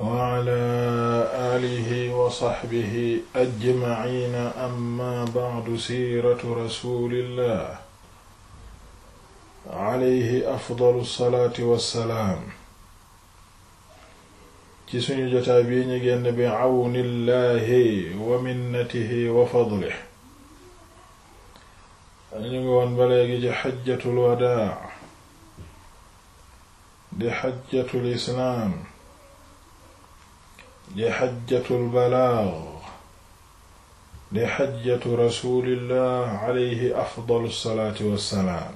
waala aalihi wa saxbihi ajmaciina amma bacdu siiratu rasulillah alayhi afdalu salaati wassalaam ci suñu jotaay bii ñu génn bi cawnillahi wa minnatihi wa fadlihi ñu ngi woon ba léegi ci xajjatul di xajjatul balaag di xajjatu rasulillah alayhi afdalu salaati wassalaam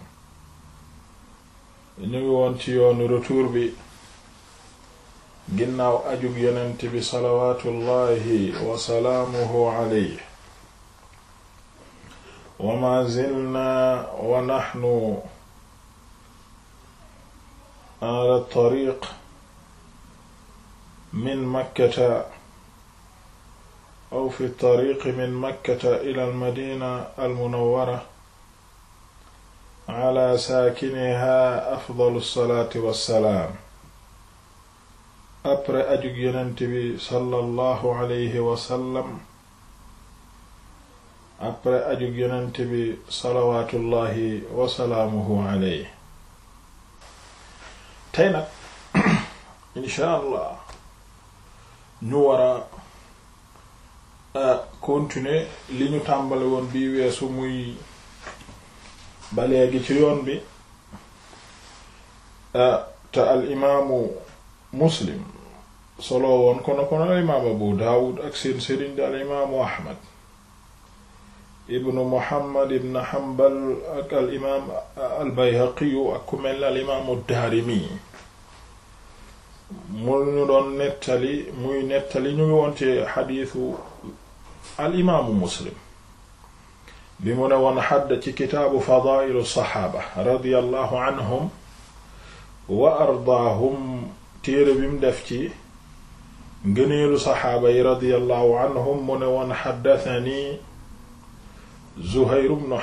ñu ngi woon ci yoonu retour bi ginnaaw ajug yonent bi salawaatullahi wa salaamuhu alayhi wa ma zilna wa naxnu ala tariiq min makkata aw fi tariqi min makkata ila almadina almunawwara ala saakiniha afdalu salaati wassalaam après ajug yonent bi sallallahu alayhi wasallam après ajug yonent bi salawaatullahi wasalaamuhu alayhi tey nag incha allah ñu war a euh, continuer li ñu tàmbali woon bi weesu muy ba léegi ci yoon bi euh, te al imaamu muslim solo woon kono kono al imaam abu daawud ak seen al imaamu ahmad ibnu muhammad ibn hanbal ak al imaam euh, al bayhaqiyu ak ku mel al imaamu daarimi mu ñu doon nettali muy nettali ñu ngi woon ci xadiisu al imaamu muslim bi mu ne woon xadd ci kitaabu fadaa'ilu saxaaba radiyallahu anhum wa ardaahum téere bi mu def ci ngëneelu saxaaba yi anhum mu ne woon xaddatani zuhayru bnu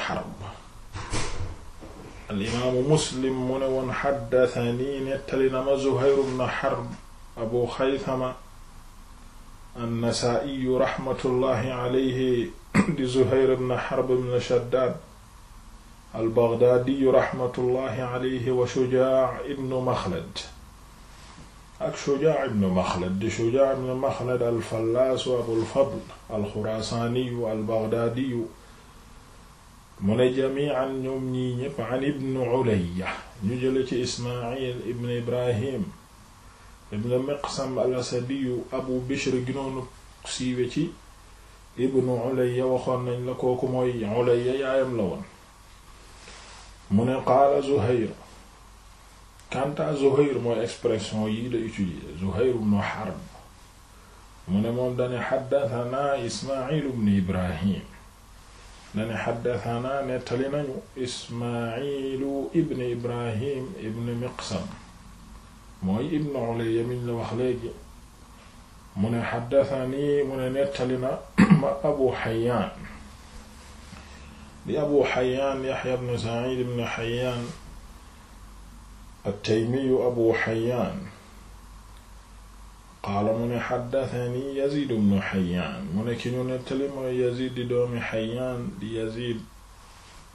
alimaamu muslim mu ne woon xaddatani nettali na ma zuhayru bnu harb abu xaysama annasaa'iyu raxmatullahi alayhi di zuhayru bnu harb bnu shaddaad albagdaadiyu raxmatullahi alayhi wa shujaa ibnu maxlad ak shujaa ibnu maxlad di shujaa ibnu maxlad alfallaasu abulfadl alxuraasaaniyu albagdaadiyu mu ne jami'an ñoom ñii ñëpp an ibn ulayya ñu jële ci ismail ibn ibrahim ibn miqsam al asadiyu abu bishr ginoonu siiwe ci ibn ulayya waxoon nañ la kooku mooy ulayya yaayam la mu ne qaala zuhayr kanta zuhayr mooy expression yi la utiliser zuhayr ibn harb mu ne moom dane xaddatanaa ismail ibn ibrahim dane xaddatanaa nettali nañu ismailu ibn ibrahim ibn miqsam mooy ibn ulayya miñ la wax léegi mu ne xaddatani mu ne nettali na ma abu xayaan di abu xayaan yaxya ibn sa'id ibn xayaan at-taymiyu abu xayaan qaala mu ne xaddatani yazid bnu xayaan mu ne ki ñu nettali mooy yazid di doomi xayaan di yazid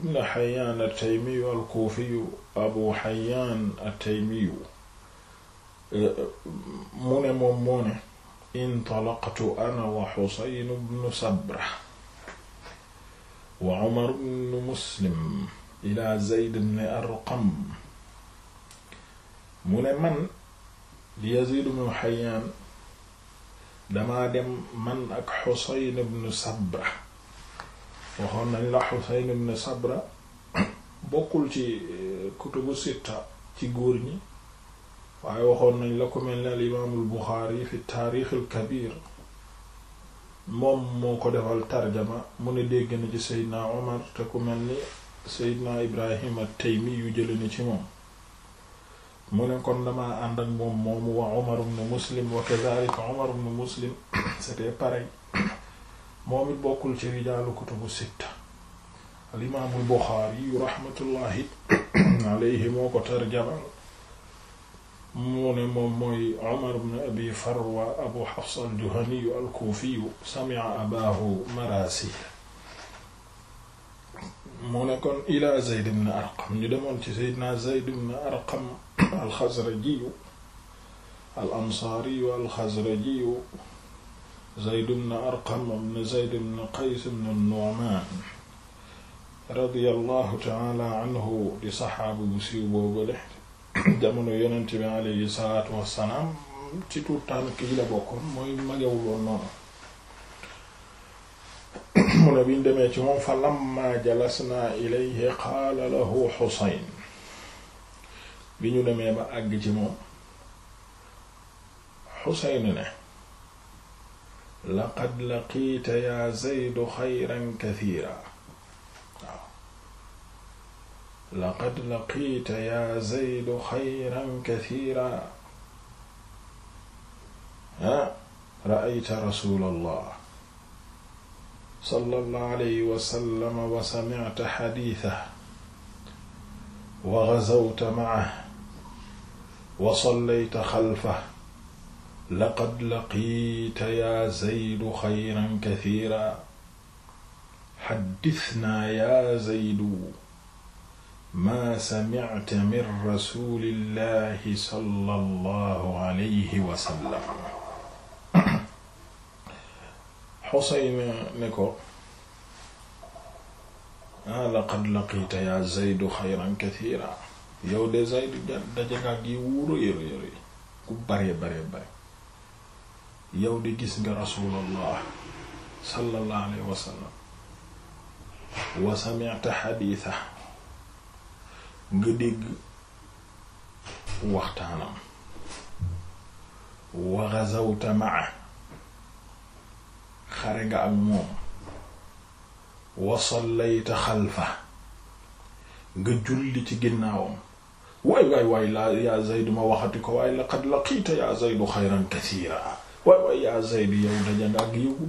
bnu xayaan attaymiyu alkuufiyu abu xayaan attaymiyu mu ne moom moo ne intalaqtu ana wa xusayn bnu sabra wa umar bnu muslim ila zayd bni arqam mu ne man di Yaziid ibn Hayyaan damaa dem man ak Xuseyn ibn Sabra waxoon nañ la Xuseyn ibn Sabra bokkul ci eh, kutubu sitta ci góor ñi waaye waxoon nañ la ko mel ne al imaamul Buxaari fi taarixil kabiir moom moo ko defal tarjama mu ne dégg na ci Seydina Omar te ku mel ni Seydina Ibrahim at yu jële ci moom mu ne kon dama ànd ak moom moomu wa Umar ibn Muslim wa kadhalika moom it bokkul ci rijaalu kutubu sitta al imaam al Buxaari yu moo ko tarjamal mu ne moom mooy Umar ibn Abi Farwa Abu Hafs al-Juhani al-Kufi sami'a abahu marasi mu ne kon ila Zayd Arqam ñu demoon ci Seydina Zayd ibn Arqam al-Xazrajiyu al-Ansaariyu al-Xazrajiyu Zayd ibn Arqam ibn Zayd ibn Qays ibn Nu'maan radiyallahu ta'ala anhu di saxaaba bu siiw boobule jamono yonent bi alayhi salaatu wassalaam ci tuut tànk yi la bokkoon mooy magewuloon noonu mu ne biñ demee ci moom fa lamma jalasnaa ilayhi qaala lahu Xusayn bi ñu demee ba àgg ci moom Xusayn ne laqad laqiita yaa Zaydu xayran kathiira waaw laqad laqiita yaa Zaydu xayran kathiira ha ra'ayta rasuulallah sallallahu alayhi wa sallam wa sami'ta xadiisahu wa gazawta ma'ahu wa sallayta xalfahu laqad laqiita yaa zaydu xayran kasiira xaddisnaa yaa zaydu maa samicta min rasuulillahi sallallahu alayhi wa sallam Xuseyn ne ko ah laqad laqita yaa Zaydu xayran kathiira yow de Zaydu daje nga yi wuuro yore yore ku bare bare bare yow de gis nga rasuulallah sallallahu alayhi wa sallam wa nga dégg waxtaanam wa ghazawta ma'a xare nga ak moom wa sallayta xalfa nga julli ci ginnaawam waay waay waay laa yaa Zayd ma waxati ko waaye laqad laqiita yaa Zaydu xayran kasiira waay waay yaa Zayd yow daje nga ak yiw gu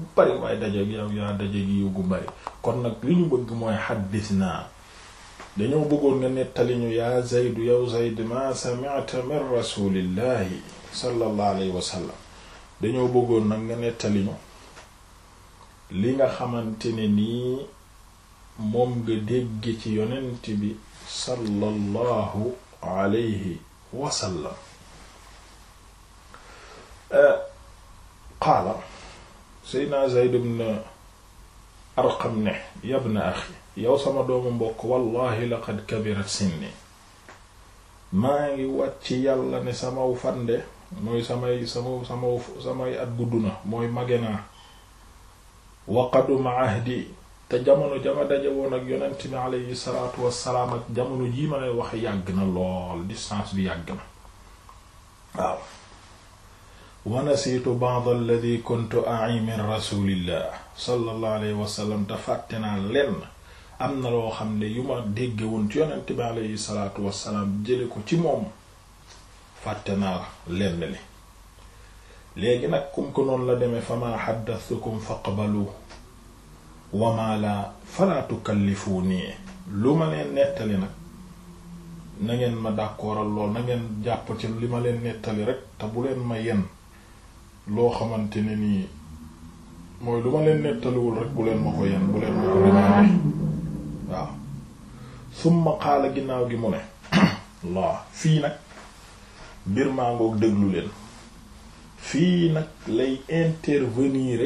bari kon nag li ñu bëgg mooy xaddis dañoo bëggoon nga nettali ñu yaa Zayd yow Zayd ma sami'ta min rasulillahi sallallahu alayhi wa dañoo bëggoon nag nga nettali ñu li nga xamante ne nii moom nga dégg ci yonent bi sallallahu alayhi wasallam eh, qaala seydna Zayd ibn Arqam ne yabna axi yow sama doomu mbokk wallahi laqad kabirat sinni maa ngi wat ci yàlla ne samaw fande mooy samay sama sama samay at gudd na mooy mage naa waqadum ahdi te jamono jama daje woon ak ak jamono jii ma lay wax yàgg na lool distance bi yàgg na waaw wa nasiitu ba'd alladhi kuntu a'i min te fàtte naa lenn am na loo xam ne yu ma dégge woon ci yonent bi aleyhi salaatu wassalaam jële ko ci moom fàtte naa lenn li léegi nag kum ko noonu la demee fama xaddasukum faqbalu wama la fala tukallifuni lu ma leen nettali nag na ngeen ma d'accordal lool na ngeen jàpp ci li ma leen nettali rek te bu leen ma yen loo xamante ne nii mooy lu ma leen nettaliwul rek bu leen ma ko yen bu leen ma ko demandé waaw summa xaala ginnaaw gi mu ne laa fii nag mbir maa ngoog déglu leen fii nag lay intervenir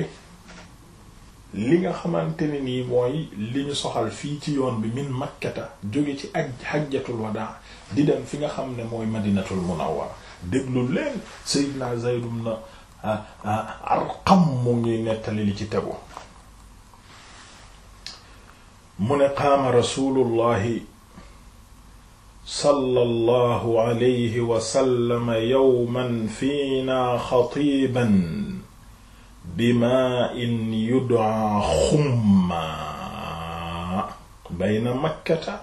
li nga xamante ne nii mooy li ñu soxal fii ci yoon bi min makkata jóge ci aj hajjatul wadaa di dem fi nga xam ne mooy madinatul munawwara déglu leen sayyidna Zayd ibn ah, ah, Arqam mu ngi nettali li ci tegu mu ne qaama rasulullahi sallallahu alayhi wa sallam yawman fiina xatiiban bimaa'in yud'aa xummaa bayna makkata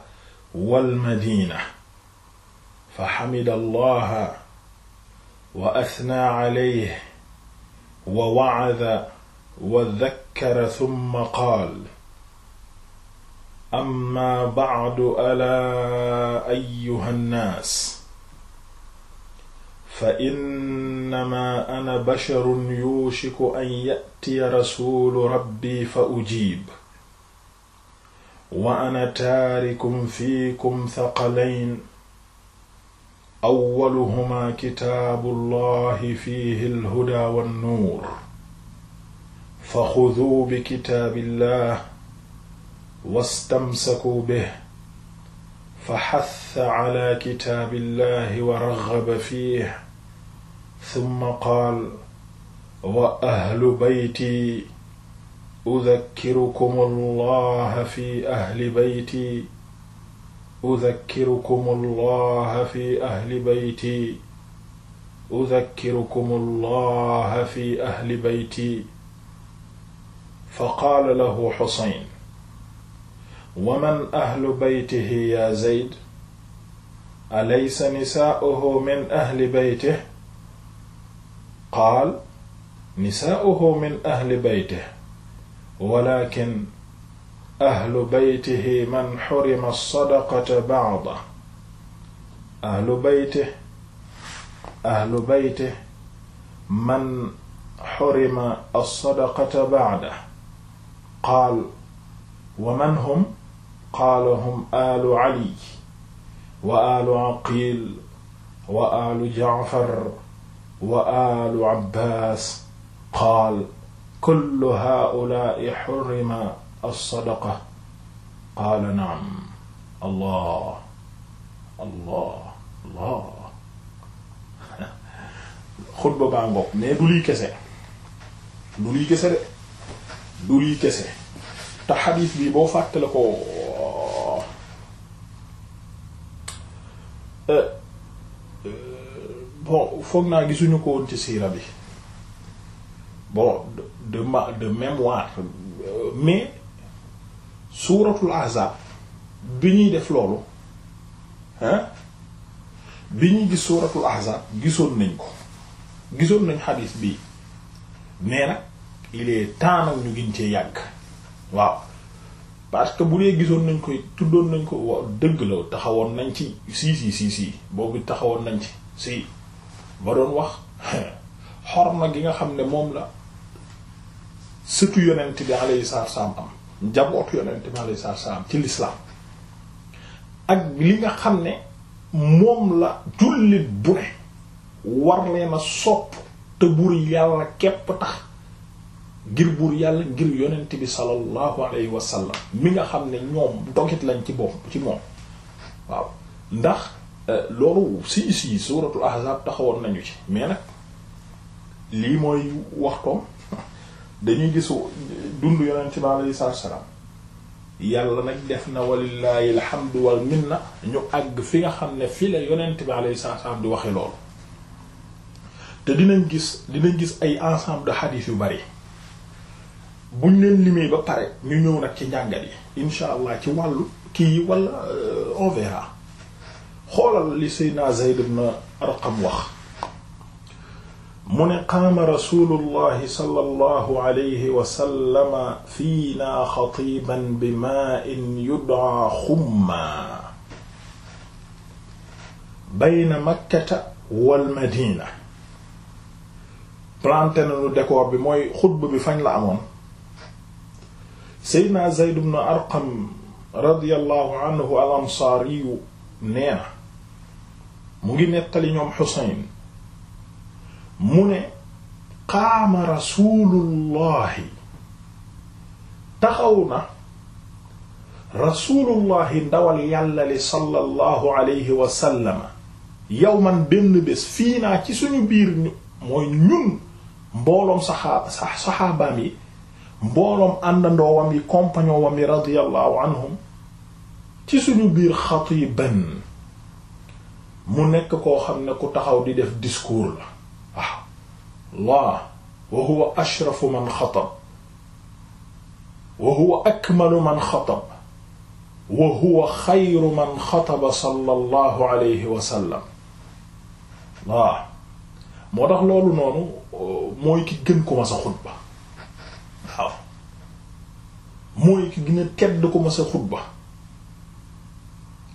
wal madiina fa xamida allaha wa athnaa alayhi wa wa'ada wa dhakkara thumma qaala amma ba'du alaa ayyuha nnaas fa innamaa ana basharun yuushiku an ya'tiya rasuulu rabbi fa ujiib wa ana taarikum fiikum thaqalayn awwaluhumaa kitaabullahi fiihi alhudaa wannuur fa xuduu bi kitaabillah wastamsakuu bih fa xatta ala kitaabillahi wa raxaba fiih summa qaal wa ahlu beyti udakkirukum allah fi ahli beyti udakkirukum allah fi ahli beyti udakkirukum allah fi ahli beyti fa qaala lahu xusayn wa man ahlu beytihi yaa zeyd alaysa nisaa'uhu min ahli beytihi qaal nisaa'uhu min ahli beytihi walakin ahlu beytihi man xurima sadaqata ba'dahu ahlu beytihi ahlu beytihi man xurima as-sadaqata ba'dahu qaal wa man hum qaala hum alu ali wa alu aqil wa alu jaafar wa alu abbaas qaal kullu haa'ulaa'i xurrima as-sadaqa qaala na'am allah allah allah xutba baa ngoog mais du lii kese du lii kese de du lii kese te xadiis bi boo fàttale ko foog naa gisuñu ko woon ci siira bi bon de ma de mémoire mais suuratul ahzab bi ñuy def loolu hein bi ñuy gis suuratul ahzab gisoon nañ ko gisoon nañ xadiis bii nee nag il est temps ñu gin ci yàgg waaw parce que bu dee gisoon nañ koy tuddoon nañ ko waaw dëgg la taxawoon nañ ci si si si boobu taxawoon nañ ci si ma doon wax xorma gi nga xam ne moom la sëtu yonent bi alayhi salaam am njabootu yonent bi alayhi salaam ci lislaam ak li nga xam ne moom la jullit bu ne war leen a sopp te buur yàlla képp tax ngir buur yàlla ngir yonent bi sallallahu alayhi wa sallam mi nga xam ne ñoom dogit lañ ci bopp ci moom waaw ndax Euh, loolu si si suuratul ahzab taxawoon nañu ci mais nag lii mooy waxtoom dañuy gisu dund yonent bi alayhi salaam yàlla nag def na la xam alhamdu wal minna ñu àgg fi nga xam ne fi la yonent bi alayhi salaam di waxe loolu te dinañ gis dinañ gis ay ensemble de hadith yu bari buñ leen limee ba pare ñu ñëw nag ci njàngat yi incha allah ci wàllu kii yi wala euh, on xoolal li Seydina Zayd ibn Arqam wax mu ne qaama rasulullahi sallallahu alayhi wa sallam fiina xatiiban bi maa'in yud'aa xummaa bayna makkata wal madina planté nañu décor bi mooy xutba bi fañ la amoon Seydina Zayd ibn Arqam radiyallahu anhu al-Ansaariyu nee na mu ngi nettali ñoom Xuseyn mu ne qaama rasulullahi taxaw na rasulullahi ndawal yàlla li sallallahu alayhi wa yow man benn bés fii naa ci suñu biir ñu mooy ñun mbooloom saxaaba saxaabaam yi mbooloom àndandoowam yi compagnon anhum ci suñu biir xatiban mu nekk koo xam ne ku taxaw di def discours la waaw Allah wa huwa ashrafu man xatab wa huwa akmalu man xatab wa huwa xayru man moo tax loolu noonu mooy ki gën ku ma xutba mooy ki gën ku ma xutba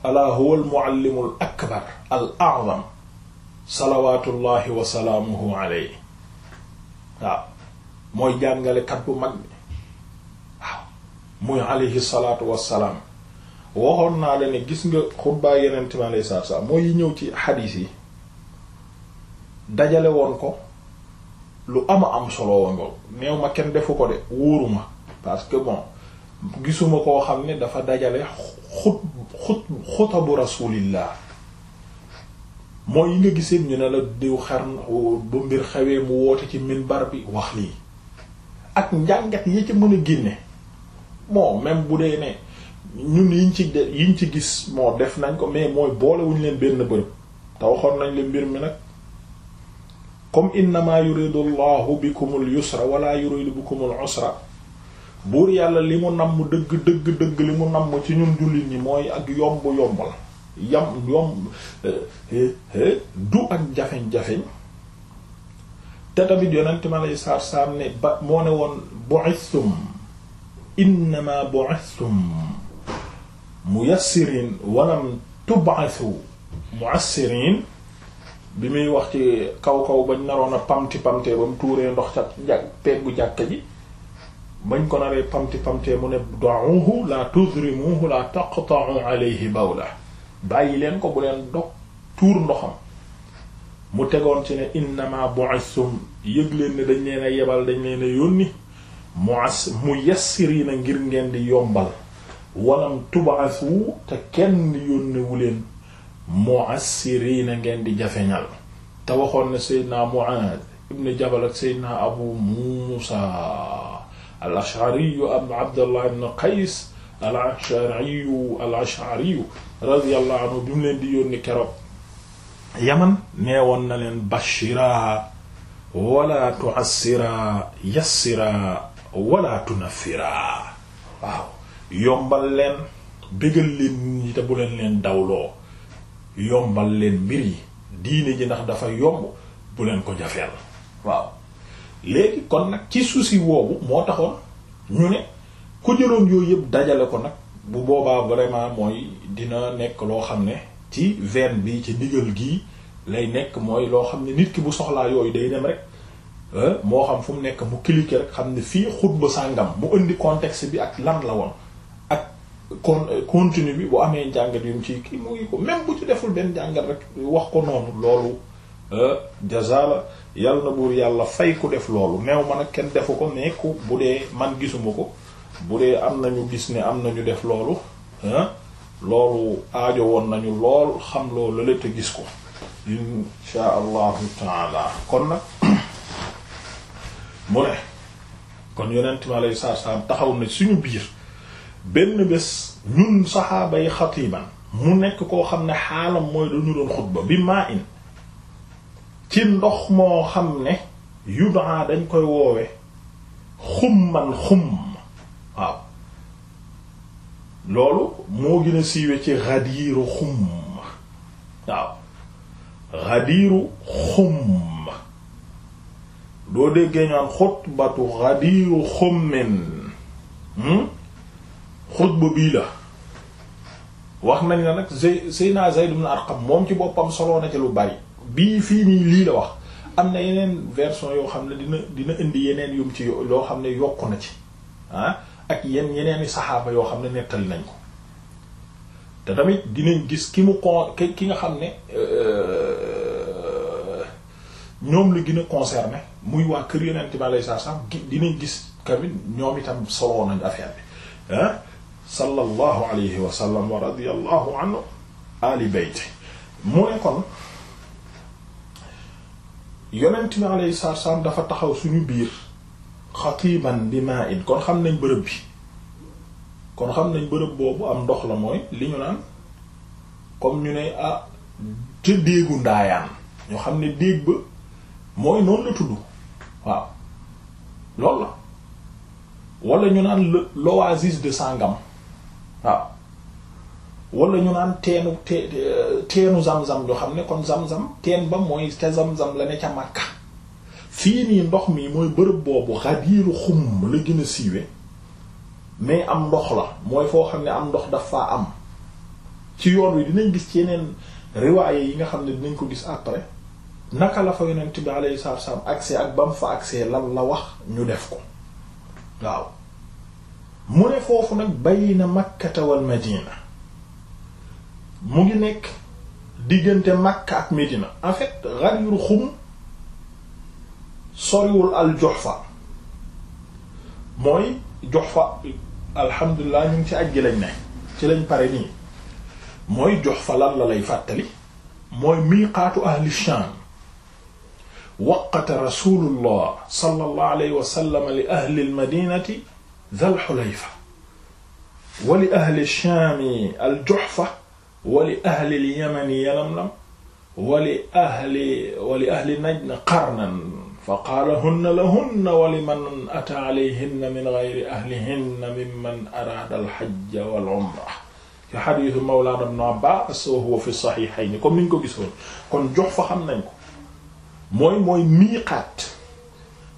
alaa huwa almuallimu al akbar al a'zam salawatullahi wa waaw mooy jàngalekat bu mag bi waaw muy alayhi salaatu wassalaam waxoon naa la ne gis nga xutbaa yenent mi alayhi salaatu mooy yi ñëw ci xadiis yi dajale woon ko lu ama am solo woon nga neew ma kenn defu ko de wóoruma parce que bon gisuma koo xam ne dafa dajale xut xut xutabu rasulillah mooy yi nga gisee ñu ne la diw xarn bu mbir xewee mu woote ci minbar bi wax lii ak njàngat yi ca mën a génne bon même bu dee ne ñun yiñ ci yiñ ci gis moo def nañ ko mais mooy boolewuñ leen benn bërëb te waxoon nañ leen mbir mi nag comme innama yuridu llahu bikumul yusra wala yuridu bikumul usra buur yàlla li mu namm dëgg dëgg dëgg li mu namm ci ñun jullit ñi mooy ak yomb yomb la yam yomb eh, eh, eh, du ak jafeñ-jafeñ te tamit yonent ma lay saar saar ne ba moo ne woon bu'ithum innama bu'ithum muyassirin walam tub'athu mu'assirin bi muy wax ci kaw kaw bañ naroon a pamti pamtee ba ndox ca jag peggu jàkka ji bañ ko naree pamti pamtee mu ne da'uhu la tudrimuhu la taqta'u alayhi bawla bàyyi leen ko bu leen dog tuur ndoxam mu tegoon ci ne innama bu'isum yëg leen ne dañ leen a yebal dañ leen mu yónni mu'as muyassirina ngir ngeen di yombal walam tub'asu te kenn yónnewu leen mu'assirina ngeen di jafeñal te waxoon ne mu Mu'ad ibn Jabal ak Abu Musa al ashariyu abu abdallah ibn qays al ashariyu al ashariyu mu leen di yónni keroog yaman nee woon na leen bashira wala tu'assira yassira wala tunaffira waaw yombal leen bégal leen ñi te bu leen leen dawloo yombal leen mbir yi diine ji ndax dafa yomb bu leen ko jafeel waaw léegi kon nag ci souci woowu moo taxoon ñu ne ku jëloon yooyu yëpp dajale ko nag bu boobaa vraiment mooy dina nekk loo xam ne ci veine bi ci ndigal gii lay nekk mooy loo xam ne nit ki bu soxlaa yooyu day dem rek euh, moo xam fu mu nekk mu cliquer rek xam ne fii xutba sàngam mu indi contexte bi ak lan la woon ak con euh, contenu bi bu amee njàngat yu ci kii moo ngi ko même bu ci deful benn njàngat rek wax ko noonu loolu euh, jaza yal na buur yàlla fay ku def loolu neew ma nag kenn defu ko mais ku bu dee man gisuma ko bu dee am nañu gis ne am na ñu def loolu hein loolu aajo woon nañu lool xam loolu la te gis ko insha allahu taala kon nag mu ne kon yonent mi aleyhi salaatu salaam taxaw na suñu biir benn bés ñun saxaaba yi xatiiban mu nekk koo xam ne xaalam mooy dañu doon xutba bi maa in ci ndox moo xam ne yudaa dañ koy woowe xumman xumm waaw loolu moo gën a ci xadiiru xumm waaw xadiiru xumm doo déggee ñaan xutbatu xadiiru xummin hmm? xutba bii la wax nañ la nag Seydina Zayd ibn Arqam moom ci boppam solo a ci lu bari bii fii nii lii la wax am na yeneen version yoo xam ne dina dina indi yeneen yum ci loo xam ne yokku na ci ah, ak yenn yeneeni saxaaba yoo xam ne nettali nañ ko te tamit dinañ gis ki mu con ki nga xam ne euh, ñoom la gën a concerné muy waa kër yonent bi alayhi salaam dinañ gis ñoom itam soloo nañ affaire bi ah sallallahu alayhi wa sallam mu ne yonent bi alayhi salaatu dafa taxaw suñu biir xatiban bi maa in kon xam nañ bërëb bi kon xam nañ bërëb boobu am ndox la mooy li ñu naan comme ñu ne ah ca déegu ndaayaan ñoo xam ne déeg ba mooy noonu la tudd waaw loolu la wala ñu naan l'oasis de sangam waaw wala ñu naan teenu te teenu zam-zam ñu xam ne kon zam-zam teen ba mooy te zam-zam la ne ca Makka fii nii ndox mi mooy bërëb boobu Ghadir Khoum la gën a siiwe mais am ndox la mooy foo xam ne am ndox dafa am ci yoon wi dinañ gis ci yeneen riwaaye yi nga xam ne dinañ ko gis après naka la fa yonent bi alayhi salaatu wasallam accès ak bam fa accès lan la wax ñu def ko waaw mu ne foofu nag bay na wal Madina mu ngi nekk diggante Makka ak Medina en fait Ghadir Khoum soriwul al Juhfa mooy Juhfa alhamdulilah ñu ngi ci aj gi lañ ne ci lañ pare nii mooy Juhfa lan la lay fàttali mooy miiqaatu ahli Shaam waqata rasulullah sallallahu alayhi wa sallam li ahli al-madinati dhal Hulayfa wa li ahli Shaam al-Juhfa wali ahli lyamani yalamlam wali ahli wali ahli najna qarnan fa qaala hunna lahunna wali man ata alayhinna min gayri ahlihinna mimman araada alxajja wal umra fi xadiisu mawlaana ibn Abbaas wa huwa fi saxiixayni comme niñ ko gisoon kon jox fa xam nañ ko mooy mooy miiqaat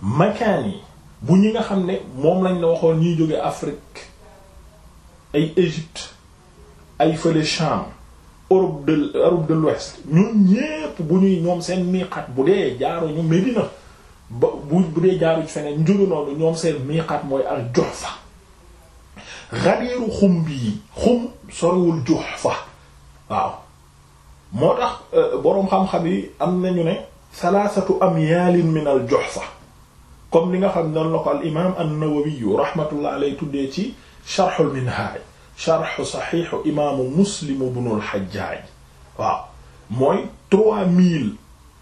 makaan yi bu ñi nga xam ne moom lañ la waxoon ñuy jóge Afrique ay Égypte ay fële Sham Europe de Europe ñun ñépp bu ñuy ñoom seen miiqaat bu dee jaaro ñu Medina ba bu bu dee jaaru ci feneen njóge noonu ñoom seen miiqaat mooy al Juhfa Ghadir xum bii xum soriwul Juhfa waaw moo tax euh, boroom xam-xam yi am nañu ne salaasatu amyaalin min al Juhfa comme li nga xam ne noonu la ko al imaam an-Nawawi rahmatullah alayhi tuddee ci Sharh al-Minhaj sharh saxiixu imaamu muslim ibnul xajjaaj waaw mooy trois mille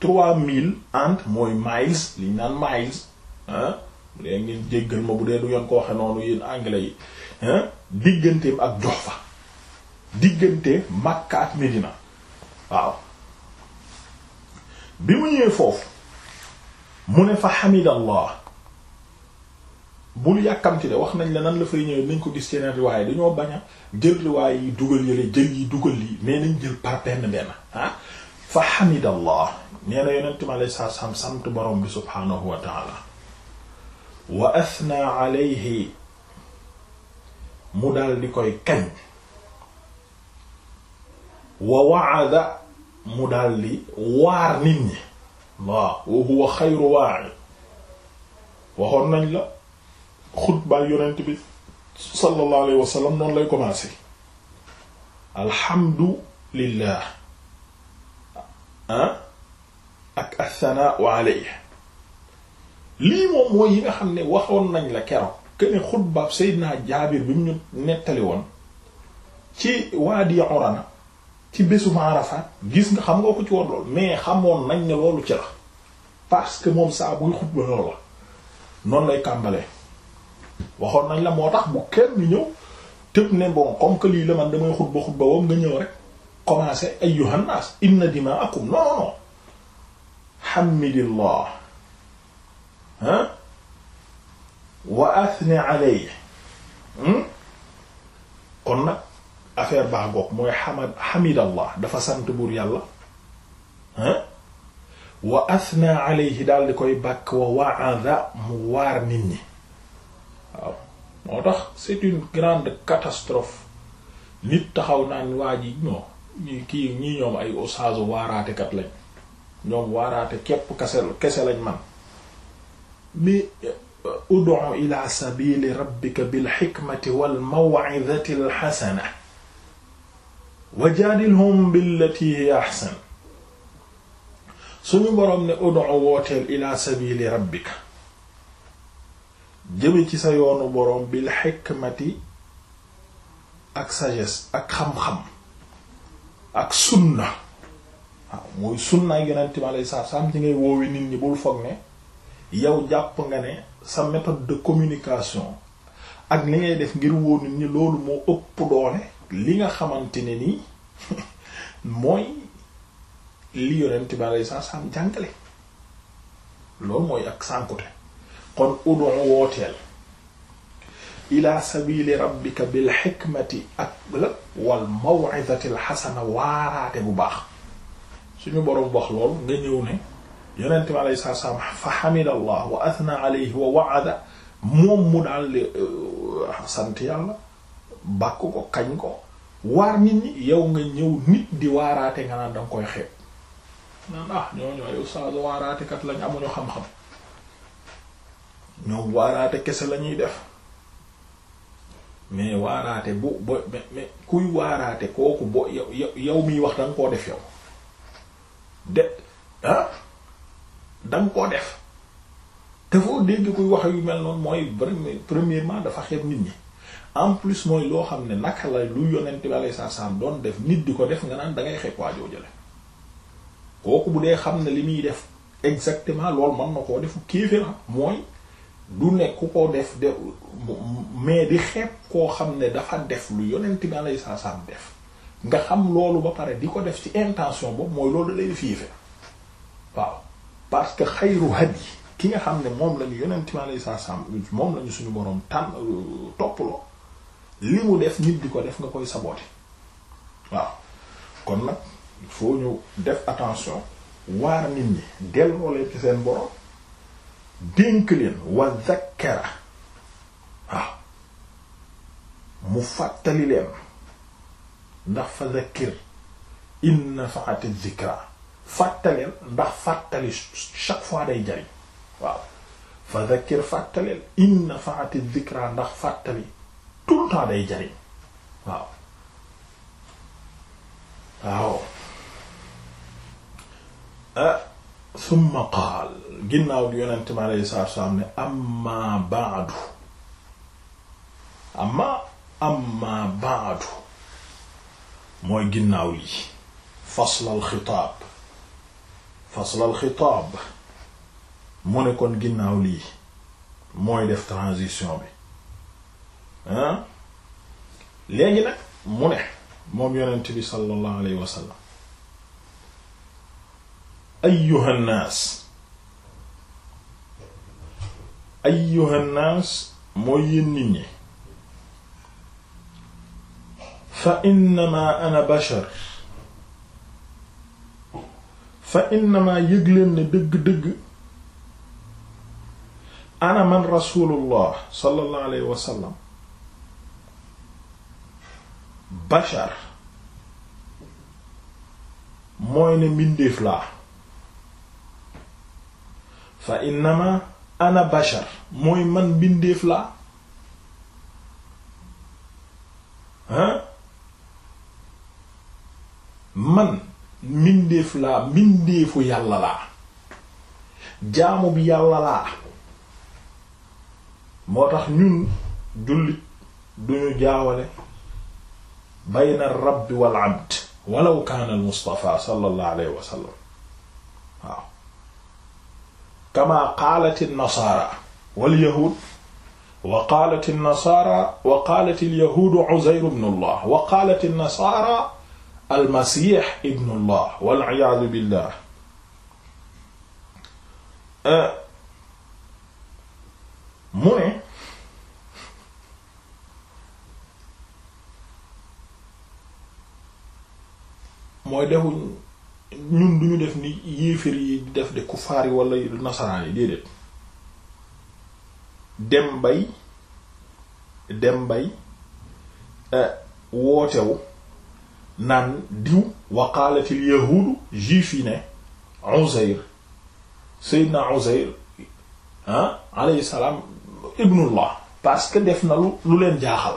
trois mille entre mooy miles liñ naan miles bu ah, dee ngeen jéggal ma bu dee du ngeen ko waxe noonu yéen anglais yi ah, digganteem ak jox diggante Makka ak Medina waaw bi mu ñëwee foofu mu ne fa xamidallah bul yàkkamti de wax nañ la nan la fay ñëwee nañ ko gis seen riwaay dañoo bañ a jël riwaay yi dugal yële jël yi dugal yi mais nañ jël par benn benn ah fa hamidallah nee na sant borom bi subhaanahu wa taala wa mu dal di koy kañ wa wa'ada mu dal di waar nit ñi waaw wa huwa xayru waa'i waxoon nañ la xutbaay yonent bi sallallahu alayhi wa noonu lay commencer alhamdulillah ah ak athanaau alayhi lii moom mooy yi nga xam ne waxoon nañ la keroog que ne xutbaab Seydina Jaabir bi mu ñu nettali woon ci waadi Urana ci bésu Arafat gis nga xam nga ko ci woon lool mais xamoon nañ ne loolu ci la parce moom saa buy xutba loolu la noonu lay kàmbalee waxoon nañ la moo tax bu kenn ñëw tëb ne bon comme que lii la man damay xutba xutba wam nga ñëw rek commencé ayyuhan nas dima'akum non non hamidillah wa athni alayhi hmm? affaire baa dafa sant buur yàlla ah wa athna alayhi daal di koy bàkk wa wa'adha mu waar nit ñi waaw moo tax c'est une grande catastrophe nit taxaw naan waa ji non ñi kii ñii ñoom ay oustaz waaraatekat lañ ñoom waaraate képp kese kese lañ man mi euh, ud'u ila sabili rabbika bil hikmati wal maw'izati al hasana wajadilhum billati hiya ahsan suñu boroom ne ud'u wooteel ila sabili rabbika jëme ci sa yoonu boroom bil xikmati ak sagesse ak xam-xam ak sunna waaw mooy sunna ak yonent mi alayhi salaatu salaam ci ngay woowi nit ñi bul foog ne yow jàpp nga ne sa méthode de communication ak li ngay def ngir woo nit ñi loolu moo ëpp doole li nga xamante ne nii mooy li yonent mi alayhi salaatu salaam jàngale loolu mooy ak sànkute kon udu wooteel ila sabili rabbika bil xikmati ak la wal maw'izati al xasana waaraate bu baax suñu boroom wax lool nga ñëw euh, ko kañ ko waar nit ñi nga ñëw nit di waaraate nga naan danga koy xeeb naan ah ñooñu ay ustaas waaraatekat lañ amuñu xam-xam ñoom waaraate kese lañuy def mais waaraate bu ba mais kuy waaraate kooku boo yow yow miy wax danga koo def yow de ah danga koo def te foo dégg kuy wax yu mel noonu mooy premièrement dafa xeeb nit ñi en plus mooy loo xam ne naka la lu yonent bi alayhi salaam doon def nit di ko def nga naan da ngay xeeb waajoo jële kooku bu dee xam ne li muy def exactement loolu mën na koo defu kéeféer mooy du nekk ko def de mais di xepp koo xam ne dafa def lu yonent bi alayhi salaam def nga xam loolu ba pare di ko def ci intention boobu mooy loolu lay fiife waaw parce que xayru hadi ki nga xam ne moom lañu yonent bi alayhi salaam moom lañu suñu boroom tànn toppaloo li mu def nit di ko def nga koy saboté waaw kon nag il faut ñu def attention waar nit ñi delloo leen seen boroom dénk leen wa zakkara waaw mu fàttali leen ndax fa zakkir in nafa'ati zikra fàttaleel ndax fàttali chaque fois day jariñ waaw fa zakkir fàttaleel in nafa'ati zikra ndax fàttali tout le temps day jariñ waaw waaw ah, summa qaal ginnaaw di yonent mi alayhi salaatu wassalaam ne amma ba'du amma amma ba'du mooy ginnaaw lii faslal xitaab faslal xitaab mu ne kon ginnaaw lii mooy def transition bi ah léegi nag mu ne moom yonent bi sallallahu alayhi wa sallam ayyuha nnaas ayyuha nnaas mooy yéen nit ñi fa innama ana bashar fa innama yëg leen ne dëgg-dëgg ana man rasulullah sallallahu alayhi bashar mooy ne mbindeef laa fa innama ana bashar mooy man bindeef laa hein man mbindeef laa mbindeefu yàlla laa jaamu bi yàlla laa moo tax ñun jullit duñu jaawale bayna rabbi wal abd walaw kaana al mustafa sallallahu alayhi waaw kama qaalati nasaara wal yahuud wa qaalati nasaara wa qaalati al yahuud Uzayr ibnu Allah wa qaalati nasaara al masiix ibnu Allah wal iyaadu billah mu ne mooy defuñ ñun ñu def ni yéeféer yi def de kufaar yi wala nasaraan yi déedéet dem bay dem bay eh, wootewu naan diw waqaalatil yahuudu juif yi ne Uzayr Seydina Uzayr ah alayhi salaam ibnullah parce que def na lu lu leen jaaxal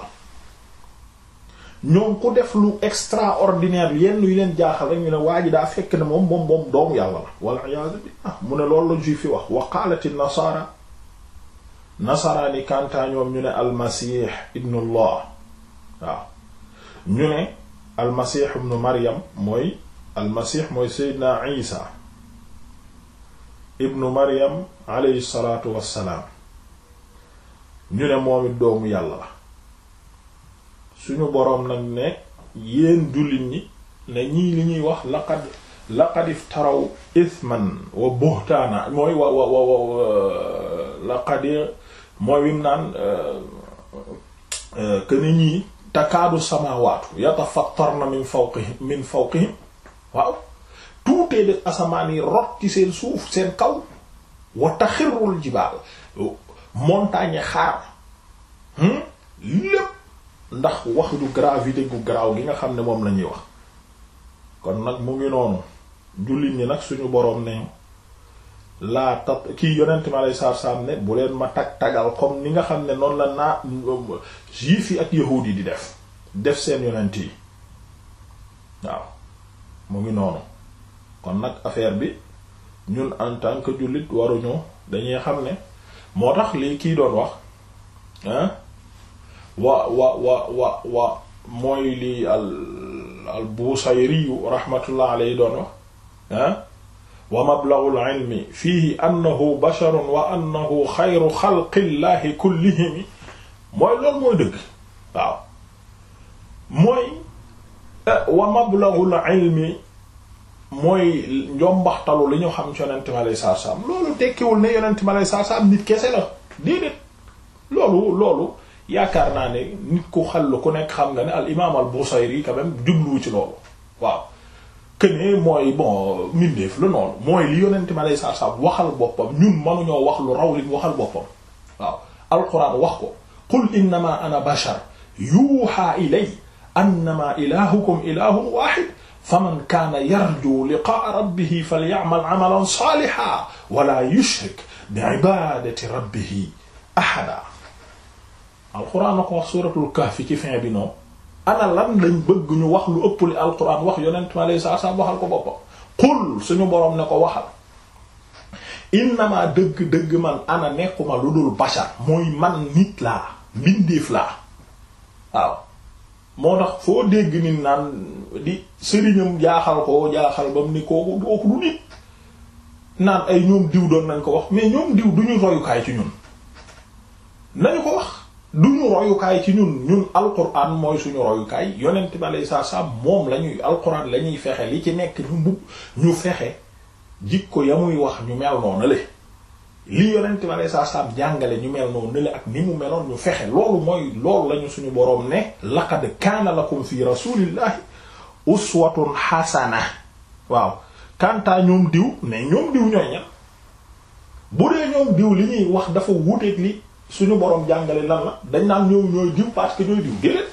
ñoom ku def lu extraordinaire yenn yu leen jaaxal rek ñu ne waa ji daa fekk ne moom moom moom doomu yàlla la wal iyaazu ah mu ne loolu la juif yi wax wa qaalati nasaara nasaraani kanta ñoom ñu ne almasih ibnu allah waaw ñu ne maryam mooy almasih mooy seydina isa ibnu maryam aleyhi salatu wassalaam ñu ne moom it doomu yàlla la suñu boroom nag ne yéen jullit ñi ne ñii li ñuy wax laqad laqad iftaraw isman wa buhtaana mooy wa wa wa laqad mooy wim naan euh, que ni ñii takaadu samaawaatu yatafattarna min fawqihim min fawqihim waaw tuutee def asamaan yi rot ci seen suuf seen kaw wa taxirul jibaal montagne xaar hmm, lépp ndax wax ju gravité gu garaaw gi nga xam ne moom lañuy wax kon nag mu ngi noonu jullit ñi nag suñu boroom ne laa tat kii yonent ma lay saar-saam ne bu leen ma tag tagal comme ni nga xam ne noonu la naa juif yi ak yahuud yi di def def seen yonent yi waaw mu ngi noonu kon nag affaire bi ñun en tant que jullit waruñu dañuy xam ne moo tax lii kii doon wax wa wa wa mooy li al al Busayri rahmatullah alayhi doon wax ah wa mablaghul ilmi fiihi annahu basharun wa annahu xayru xalqillahi kullihim mooy loolu mooy dëgg waaw mooy eh, wa mablaghul ilmi mooy njombaxtalu li ñu xam ci yonente mi aleyhi salaatu salaam loolu tekkiwul ne yonente mi aleyhi salaatu salaam nit kese la déedéet loolu yaakaar naa ne nit ku xallu ku nekk xam nga ne al imaam al Busayri quand même jubluwu ci loolu waaw këne mooy bon mindeef la noonu mooy li yonent ma lay sarsab waxal boppam ñun mënuñoo wax lu raw liñ waxal boppam waaw alquran wax ko qul innama ana bashar yuha ilay annama ilahukum ilahun wahid faman kaana yarju liqaa rabbihi falya'mal 'amalan salihan wala yushrik bi'ibadati rabbihi ahada alquran a ko wax suratul kahf ci fin bi non ana lan lañ bëgg ñu wax lu ëpp li alquran wax yonent mi alayhi salaatu salaam waxal ko boppam qul suñu boroom ne ko waxal innama dëgg-dëgg man ana nekkuma lu dul bashar mooy man nit laa mbindeef laa waaw moo tax foo dégg nit naan di sëriñam jaaxal ko jaaxal bam ni kooku kooku du nit naan ay ñoom diw doon nañ ko wax mais ñoom diw duñu royukaay ci ñun nañu ko wax duñu royukaay ci ñun ñun alquran mooy suñu royukaay yonent bi alei saatu salaam moom la ñuy alquran la ñuy fexe li ci nekk ñu mbub ñu fexe jikko ya muy wax ñu mel noonu le li yonent bi alei saatu salaam jàngale ñu mel noonu le ak ni mu meloon ñu fexe loolu mooy loolu lañu suñu boroom ne laqad kaana lakum fi rasulillahi uswatun hasana waaw kantaa ñoom diw ne ñoom diw ñooy ña bu dee ñoom diw li ñuy wax dafa wuteeg li suñu borom jàngale lan la dañ naan ñoom ñooy diw parce que ñooy diw déedéet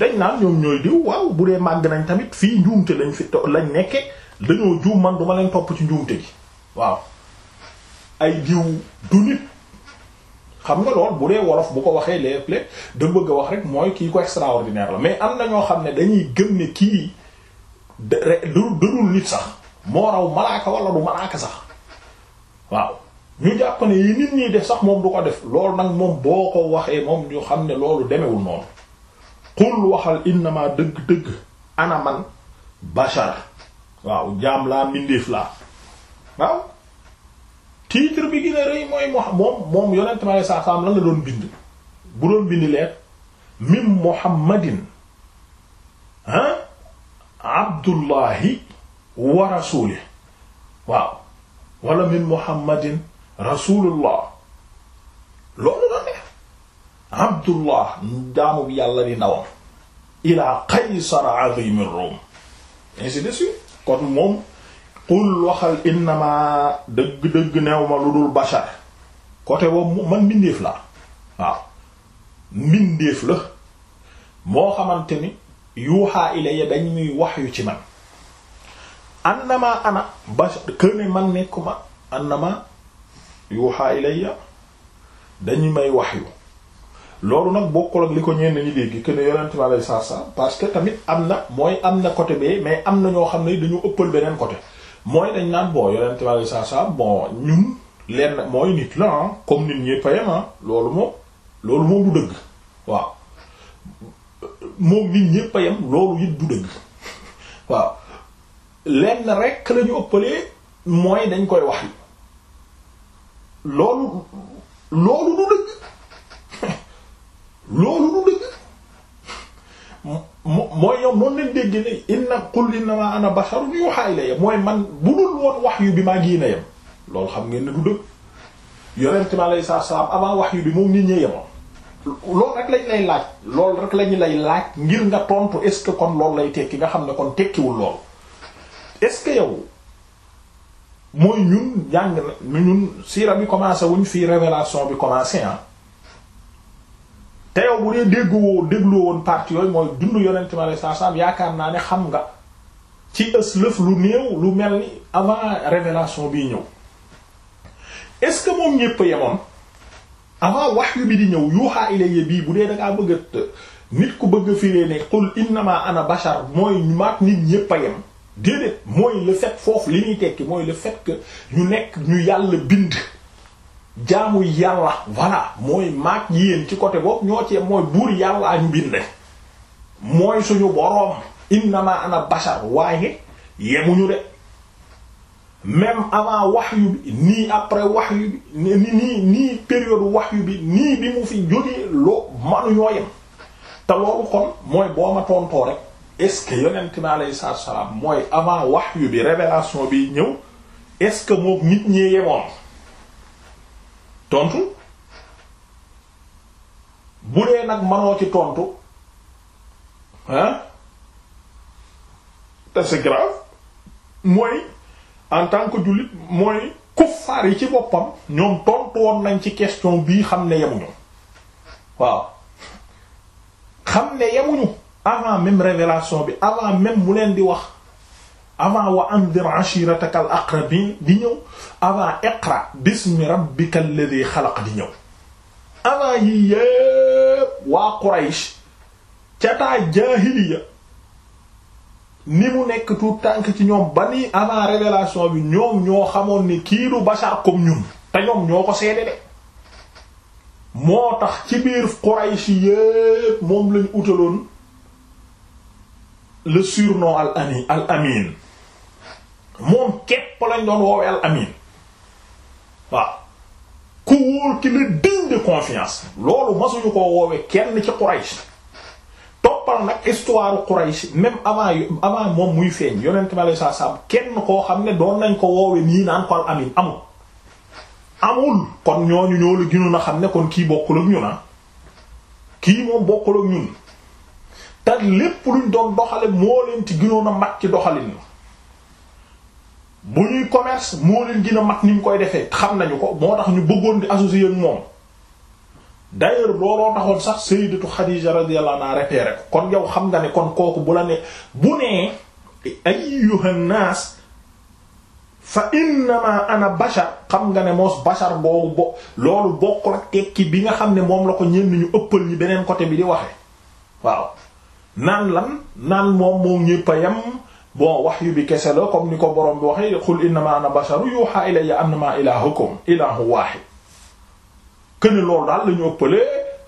dañ naan ñoom ñooy diw waaw bu dee màgg nañ tamit fii njuumte lañ fi to lañ nekke dañoo juum man duma leen topp ci njuumte gi waaw ay diw du nit xam nga lool bu dee wolof bu ko waxee léeg-léeg da bëgg a wax rek mooy kii ko extraordinaire la mais am na ñoo xam ne dañuy gëm ne kii da dul nit sax moo raw malaaka wala du malaaka sax waaw ñu jàpp ne yi nit ñi def sax moom du ko def loolu nag moom boo ko waxee moom ñu xam ne loolu demewul noonu qul waxal innama dëgg-dëgg ana man bashara waaw jaam laa mbindeef laa waaw titre bi gën a mooy moom moom yonent ma saa saam lan la doon bind bu doon bind leer min muhammadin ah abdullahi wa rasulih waaw wala min muhammadin rasulullah loolu la def abdullah jaamu yàlla di ndawam ila qaysar azim ar-rum ainsi de suite kon moom qul waxal innama dëgg-dëgg neew ma lu dul bashar côté boobu man mbindeef la waaw la moo xamante ni yuuxaa ilayya dañ muy wax yu ci man annama ana bashar këne man nekkuma annama yuuxaa ilayya dañu may wahyu loolu nag boo ak li ko ñenn ñi dégg que ne yonent bi alayhi salaatu salaam parce que tamit am na mooy am na côté bee mais am na ñoo xam ne dañu ëppal beneen côté mooy dañ naan bon yonent bi alayhi salaatu salaam bon ñun lenn mooy nit la ah comme nit ñi payam ah, loolu moom loolu moom du dëgg waaw moom nit rek la ñu ëppalee mooy dañ koy wax. loolu loolu du dëgg loolu du dëgg mooy yow noonu leen dégg ne inna qul innama ana basharun yuha ilayya mooy man bu dul woon wahyu bi maa ngi na yem loolu xam ngeen ne du dëgg yonent mi alayhi salaatu salaam avant wahyu bi moom nit ñee yemoon loolu rek lañ lay laaj loolu rek lañu lay laaj ngir nga tontu est-ce que kon loolu lay tekki nga xam ne kon tekkiwul loolu est yow mooy ñun jàng na ñun siira bi commencé wuñ fii révélation bi commencé ah. te yow bu dee dégguwoo dégloo woon partie yooyu mooy dund yonent mi alayhi salaam yaakaar naa ne xam nga ci ëslëf lu néew lu mel ni avant révélation bii ñëw est-ce que moom ñépp yemoon avant wahyu bi di ñëw yuuhaa ilayya bii bu dee da ngaa bëgg nit ku bëgg a firee ne qul innamaa ana bashar mooy maak nit ñépp a yem déedéet mooy le fait foofu li ñuy tekki mooy le fait que ñu nekk ñu yàlla bind jaamu yàlla voilà mooy maag yéen ci côté boobu ñoo ci mooy buur yàllaa ñu bind mooy suñu boroom innama ana bashar waaye yemuñu de même avant wahyu bi nii après wahyu bi nii nii période wahyu bi nii bi mu fi jógee loo manu ñoo yem te loolu kon mooy boo ma est-ce que yonent bi alayhi salaatu salaam mooy avant wahyu bi révélation bi ñëw est-ce que moom nit ñi yemoon tontu bu dee nag manoo ci tontu hein te c'est grave mooy en tant que jullit mooy kuffaar yi ci boppam ñoom tontu woon nañ ci question bii xam ne yemuñu waaw xam ne yemuñu avant même révélation bi avant même mu leen di wax avant wa andir ashiratak al aqrabin di ñëw avant iqra bismi rabbika alladhi xalaq di ñëw avant yi yépp waa Quraysh ca taa jaahiliya ni mu nekk tout tànk ci ñoom ba nii avant révélation bi ñoom ñoo xamoon ni kii du bashar comme ñun te ñoom ñoo ko seede de moo tax ci biir Quraysh yépp moom lañu utaloon le surnom al ami al amin moom képp lañ doon woowee al amin waaw ku wóor ki le digne de confiance loolu masuñu koo woowee kenn ci Quraysh toppal nag histoire Quraysh même avant avant moom muy feeñ yonent bi alei saatu kenn koo xam ne doon nañ ko woowe nii naan ko al amin amul amul kon ñooñu ñoo la gënoon a xam ne kon kii bokkul ak ñun ah kii moom bokkul ak ñun te lépp luñ doon doxale moo leen ci gënoon a mat ci doxalin la bu ñuy commerce moo leen gën a mat ni koy defee xam nañu ko moo tax ñu bëggoon di associer ak moom d'ailleurs looloo taxoon sax sayyidatu Xadiija radiyallahu anha repéré ko kon yow xam nga ne kon kooku bu la ne bu nee ayyuhan naas fa innama ana bashar xam nga ne moos bashar boobu bo loolu bokkul ak tekki bi nga xam ne moom la ko ñenn ñu ëppal ñi beneen côté bi di waxe waaw naan lan naan moom moom ñépp a yem bon wahyu bi kese la comme ni ko borom bi waxee qul innama ana basharu yuha ilayya annama ilahukum ilahu wahid këne loolu daal la ñu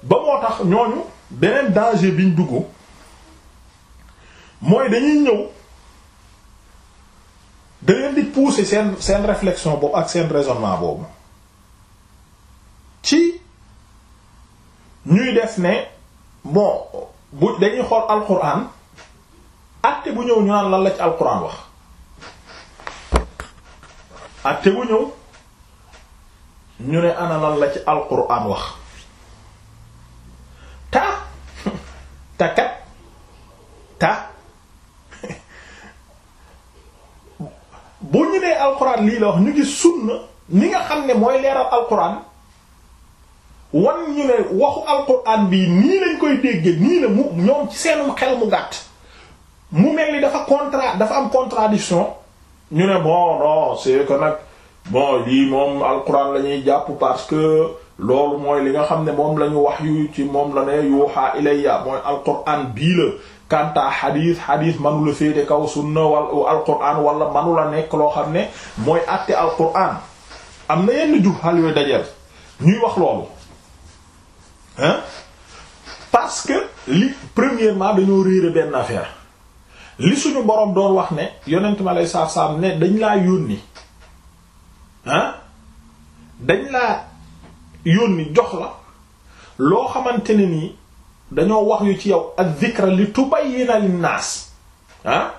ba moo tax ñooñu beneen danger biñ dugg mooy dañuy ñëw da leen di pousser seen seen réflexion boobu ak seen raisonnement boobu ci ñuy des ne bon bu dañuy xool alquran acte bu ñëw ñu naan lan la ci alquran wax acte bu ñëw ñu ne ana lan la ci alquran wax ta ta kat ta bu ñu nee alquran lii la wax ñu ngi sunna ni nga xam ne mooy leeral alquran wan ñu ne waxu alquran bii nii lañ koy déggee nii la mu ñoom ci seenum xel mu gàtt mu mel ni dafa contrat dafa am contradiction ñu ne bon non c'est que nag bon lii moom alquran la ñuy jàpp parce que loolu mooy li nga xam ne moom la ñu wax yu ci moom la ne yuuxaa ilayya mooy alquran bii la kanta xadis xadis manu la féete kaw sunna wal alquran wala manu la nekk loo xam ne mooy àtte alquran am na yenn juxal yooyu dajeel ñuy wax loolu parce que li premièrement dañoo réere benn affaire li suñu boroom doon wax ne yonent ma lay saaf saaf ne dañ laa yónni hein dañ laa yónni jox la loo xamante ne nii dañoo wax yu ci yow ak zikra li tubayyina linnaas ah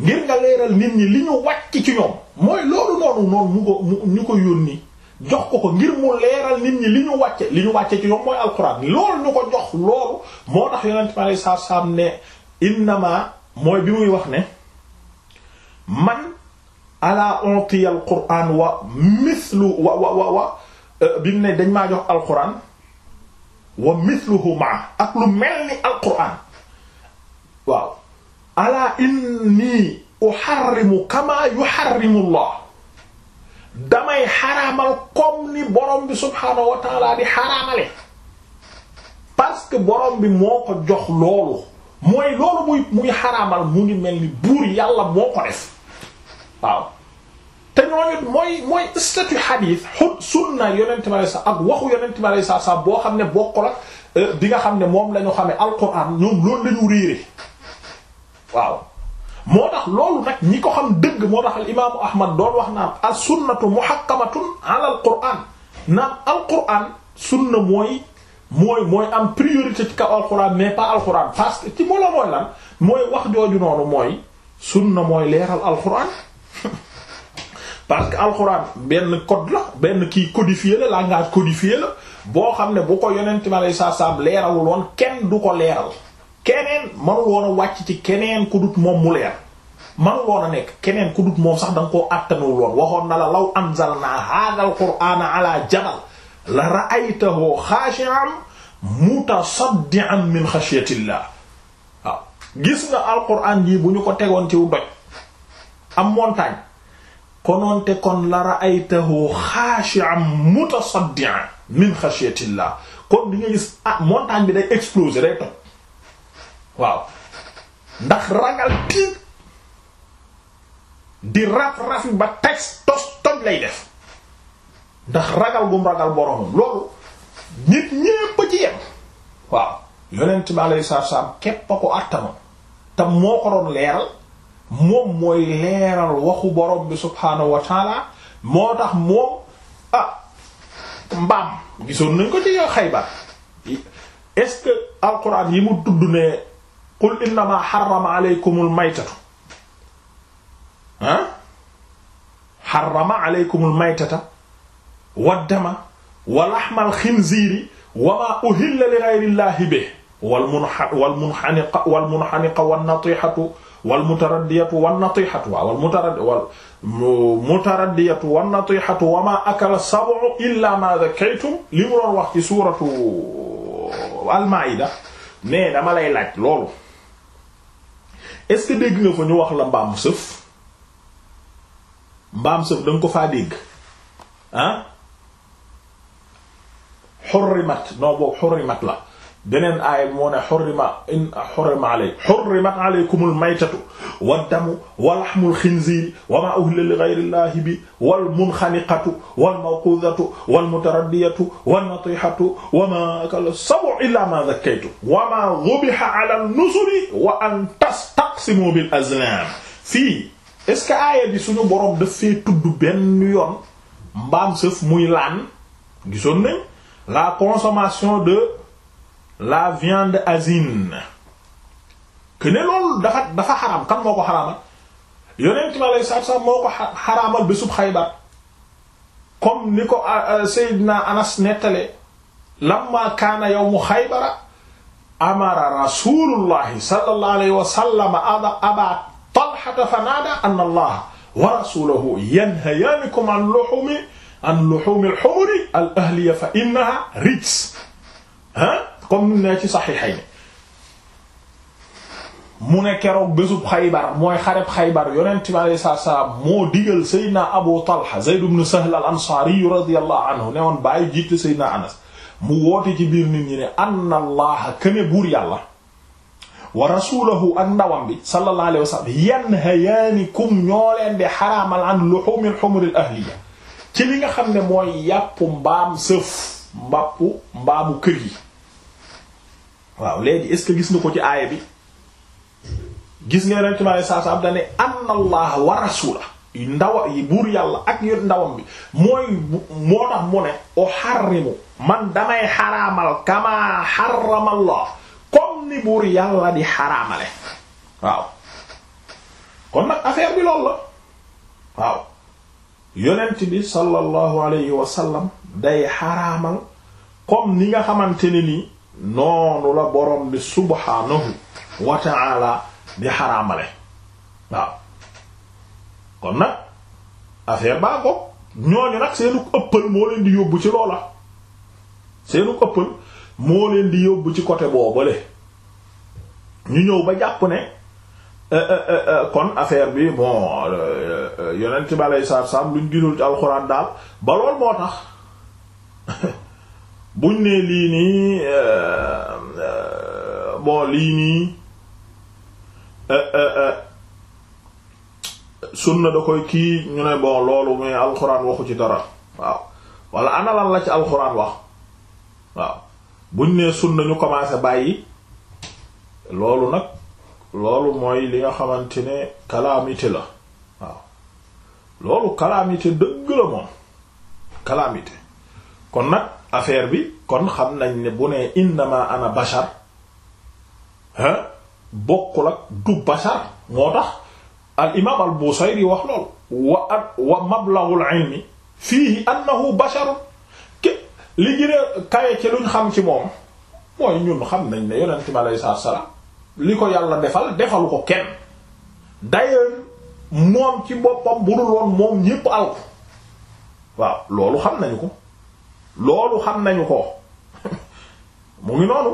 ngir nga leeral nit ñi li ñu wàcc ci ñoom mooy loolu noonu noonu mu ko mu ñu ko yónni jox ko ko ngir mu leeral nit ñi li ñu wàcce li ñu wàcce ci ñoom mooy alxuraan loolu ñu ko jox loolu moo tax yonent ma saam ne innama mooy bi muy wax ne man ala ontiya alquran wa mislu wa wa wa euh, bi mu ne dañ maa jox alquran wa misluhu ma ak lu mel ni alquran waaw ala inni uharrimu kama yuharrimu allah damay xaraamal comme ni borom bi subhaanahu wa taala di xaraamale parce que borom bi moo ko jox loolu mooy loolu muy muy mu ngi mel ni buur yàlla moo ko def waaw te ñooñu mooy mooy statut hadith xul sunna ma bi sa ak waxu yonent bi sa sa boo xam ne bokkul ak euh, xam ne moom la ñu xamee alquran loolu la ñu réere waaw. moo tax loolu nag ñi ko xam dëgg moo tax al imaamu ahmad doon wax naan al sunnatu muhakkamatun ala al qur'an naan al qur'an sunna mooy mooy mooy am priorité ci kaw al qur'an mais pas al qur'an parce que ci molo mooy mooy wax jooju noonu mooy mooy leeral al qur'an parce que alxuraan benn code la benn kii codifié la langage codifié la boo xam ne bu ko yonent ma lay sa sam leeralul woon kenn du ko leeral keneen manul woon wàcc ci keneen ku moom mu leer manul a nekk keneen ku dut moom sax da koo àttanawul woon waxoon na la law anzalna hadha alqur'ana ala jabal la ra'aytahu la mutasaddi'an min khashyatillah waaw gis ko tegoon ci doj am montagne konoonte kon la ra'aytahu khashi'an mutasaddi'an min khashyatillah kon di nga gis ah bi day exploser day toj waaw ndax ragal tiit di raf-rafi ba tax tos toj lay def ndax ragal gum ragal boromam loolu nit ñépp ci yem waaw yonent bi alayhi salaatu salaam képp a ko attanoon te moo ko doon leeral moom mooy leeral waxu borom bi subhaanahu wa moo tax moom ah mbaam gisoon nañ ko ci yoo Xaybar est-ce que alxuraan yi mu tudd ne qul innama xarama aleykumul maytatu ah xarama aleykumul maytata waddama wa laxmal xinziiri wa maa uhilla li gayrillaahi bihi wal munxa wal munxaniqa wal munxaniqa wan natiixatu wal mutaraddiyatu wan natiixatu wal mutarad wal mutaraddiyatu wan natiixatu wa maa akala sab'u illaa maa zakaytum li mu doon wax ci suuratu al-Maa'ida mais dama lay laaj loolu. est-ce que dégg nga fa ñu wax la mbaam sëf mbaam sëf da ko faa dégg ah xurrimat non boobu xurrimat la beneen aaya moo ne xurrima in xurrima aley xurrimat aleykumul maytatu waddamu walaxmul xinziiri wa maa uhilla li gayrillahi bi walmunxaniqatu walmawquudatu walmutaraddiyatu wannatixatu wa maa akala sabu illaa maa zakkaytu wa maa dubiha ala nusuri wa an tastaqsimu bil azlaam fii est-ce que aaya bi suñu boroom dafee tudd benn yoon mbaam sëf muy laan gisoon nañ la consommation de la viande asine que ne loolu dafa dafa xaraam kan moo ko xaraamal yonent bi alayhi salaatu salaam moo ko xaraamal bésub Xaybar comme ni ko euh, euh, Seydina Anas nettale lamma kaana yawmu Xaybara amara rasulullahi sallallahu alayhi wa sallam Aba Talhata fa naada anna Allaha wa rasuluhu yanhayaanikum an luhumi an luhumi al-humuri al-ahliya fa innaha rijs ha comme ni ne ci saxiixayni mu ne keroog bésub xaybar mooy xareb xaybar yonent bi alayhi salaatu salaam moo digal Seydina Abu Talha Zayd ibn Sahl ansaari radiyallahu anhu ne woon bàyyi jiite Seydina Anas mu woote ci biir nit ñi ne anna Allaha këne buur bi sallallahu alayhi wa sallam ci li nga xam ne mooy yàppu mbaam sëf mbàppu mbaamu kër waaw léegi est-ce que gis nga ko ci aaya bi gis nga yonent bi alei satu salaam dane anna wa rasula buur yàlla ak yu ndawam bi man damay xaraamal kama xarama allah ni buur yàlla di xaraamale waaw kon nag affaire bi loolu la waaw yonent bi sallallahu alayhi wa day xaraamal comme ni nga xamante ne nii noonu la borom bi subhaanahu wa ta'ala di xaraamale waaw kon nag affaire baa ko ñooñu nag seenu ëppal moo leen di yóbbu ci loola seenu ëppal moo leen di yóbbu ci côté boobale ñu ñëw ba jàpp ne euh, euh, euh, kon affaire bi bon yonent bi aleyhi salaatu salaam luñ gënul ci alxuraan daal ba lool moo tax buñ ne lii nii euh, euh, bon lii nii euh, sunna da koy kii ñu ne bon loolu mais alxuraan waxu ci dara waaw wala ana la ci alxuraan wax waaw buñ ne sunna ñu commencé bàyyi loolu nag loolu mooy li nga xamante ne calamité la waaw loolu calamité dëgg la moom calamité kon nag affaire bi kon xam nañ ne bu nee innama ana bashar hein bokkul ak du bashar moo tax al imaam al busayri wax lool wa a wa mablaghul ilmi fiihi annahu basharun ki li gën a ci luñ xam ci moom mooy ñun xam nañ ne yonent salaam li ko yàlla defal defalu ko kenn dayoon moom ci boppam bu dul woon moom ñépp alku waaw loolu xam nañu ko loolu xam nañu ko mu ngi noonu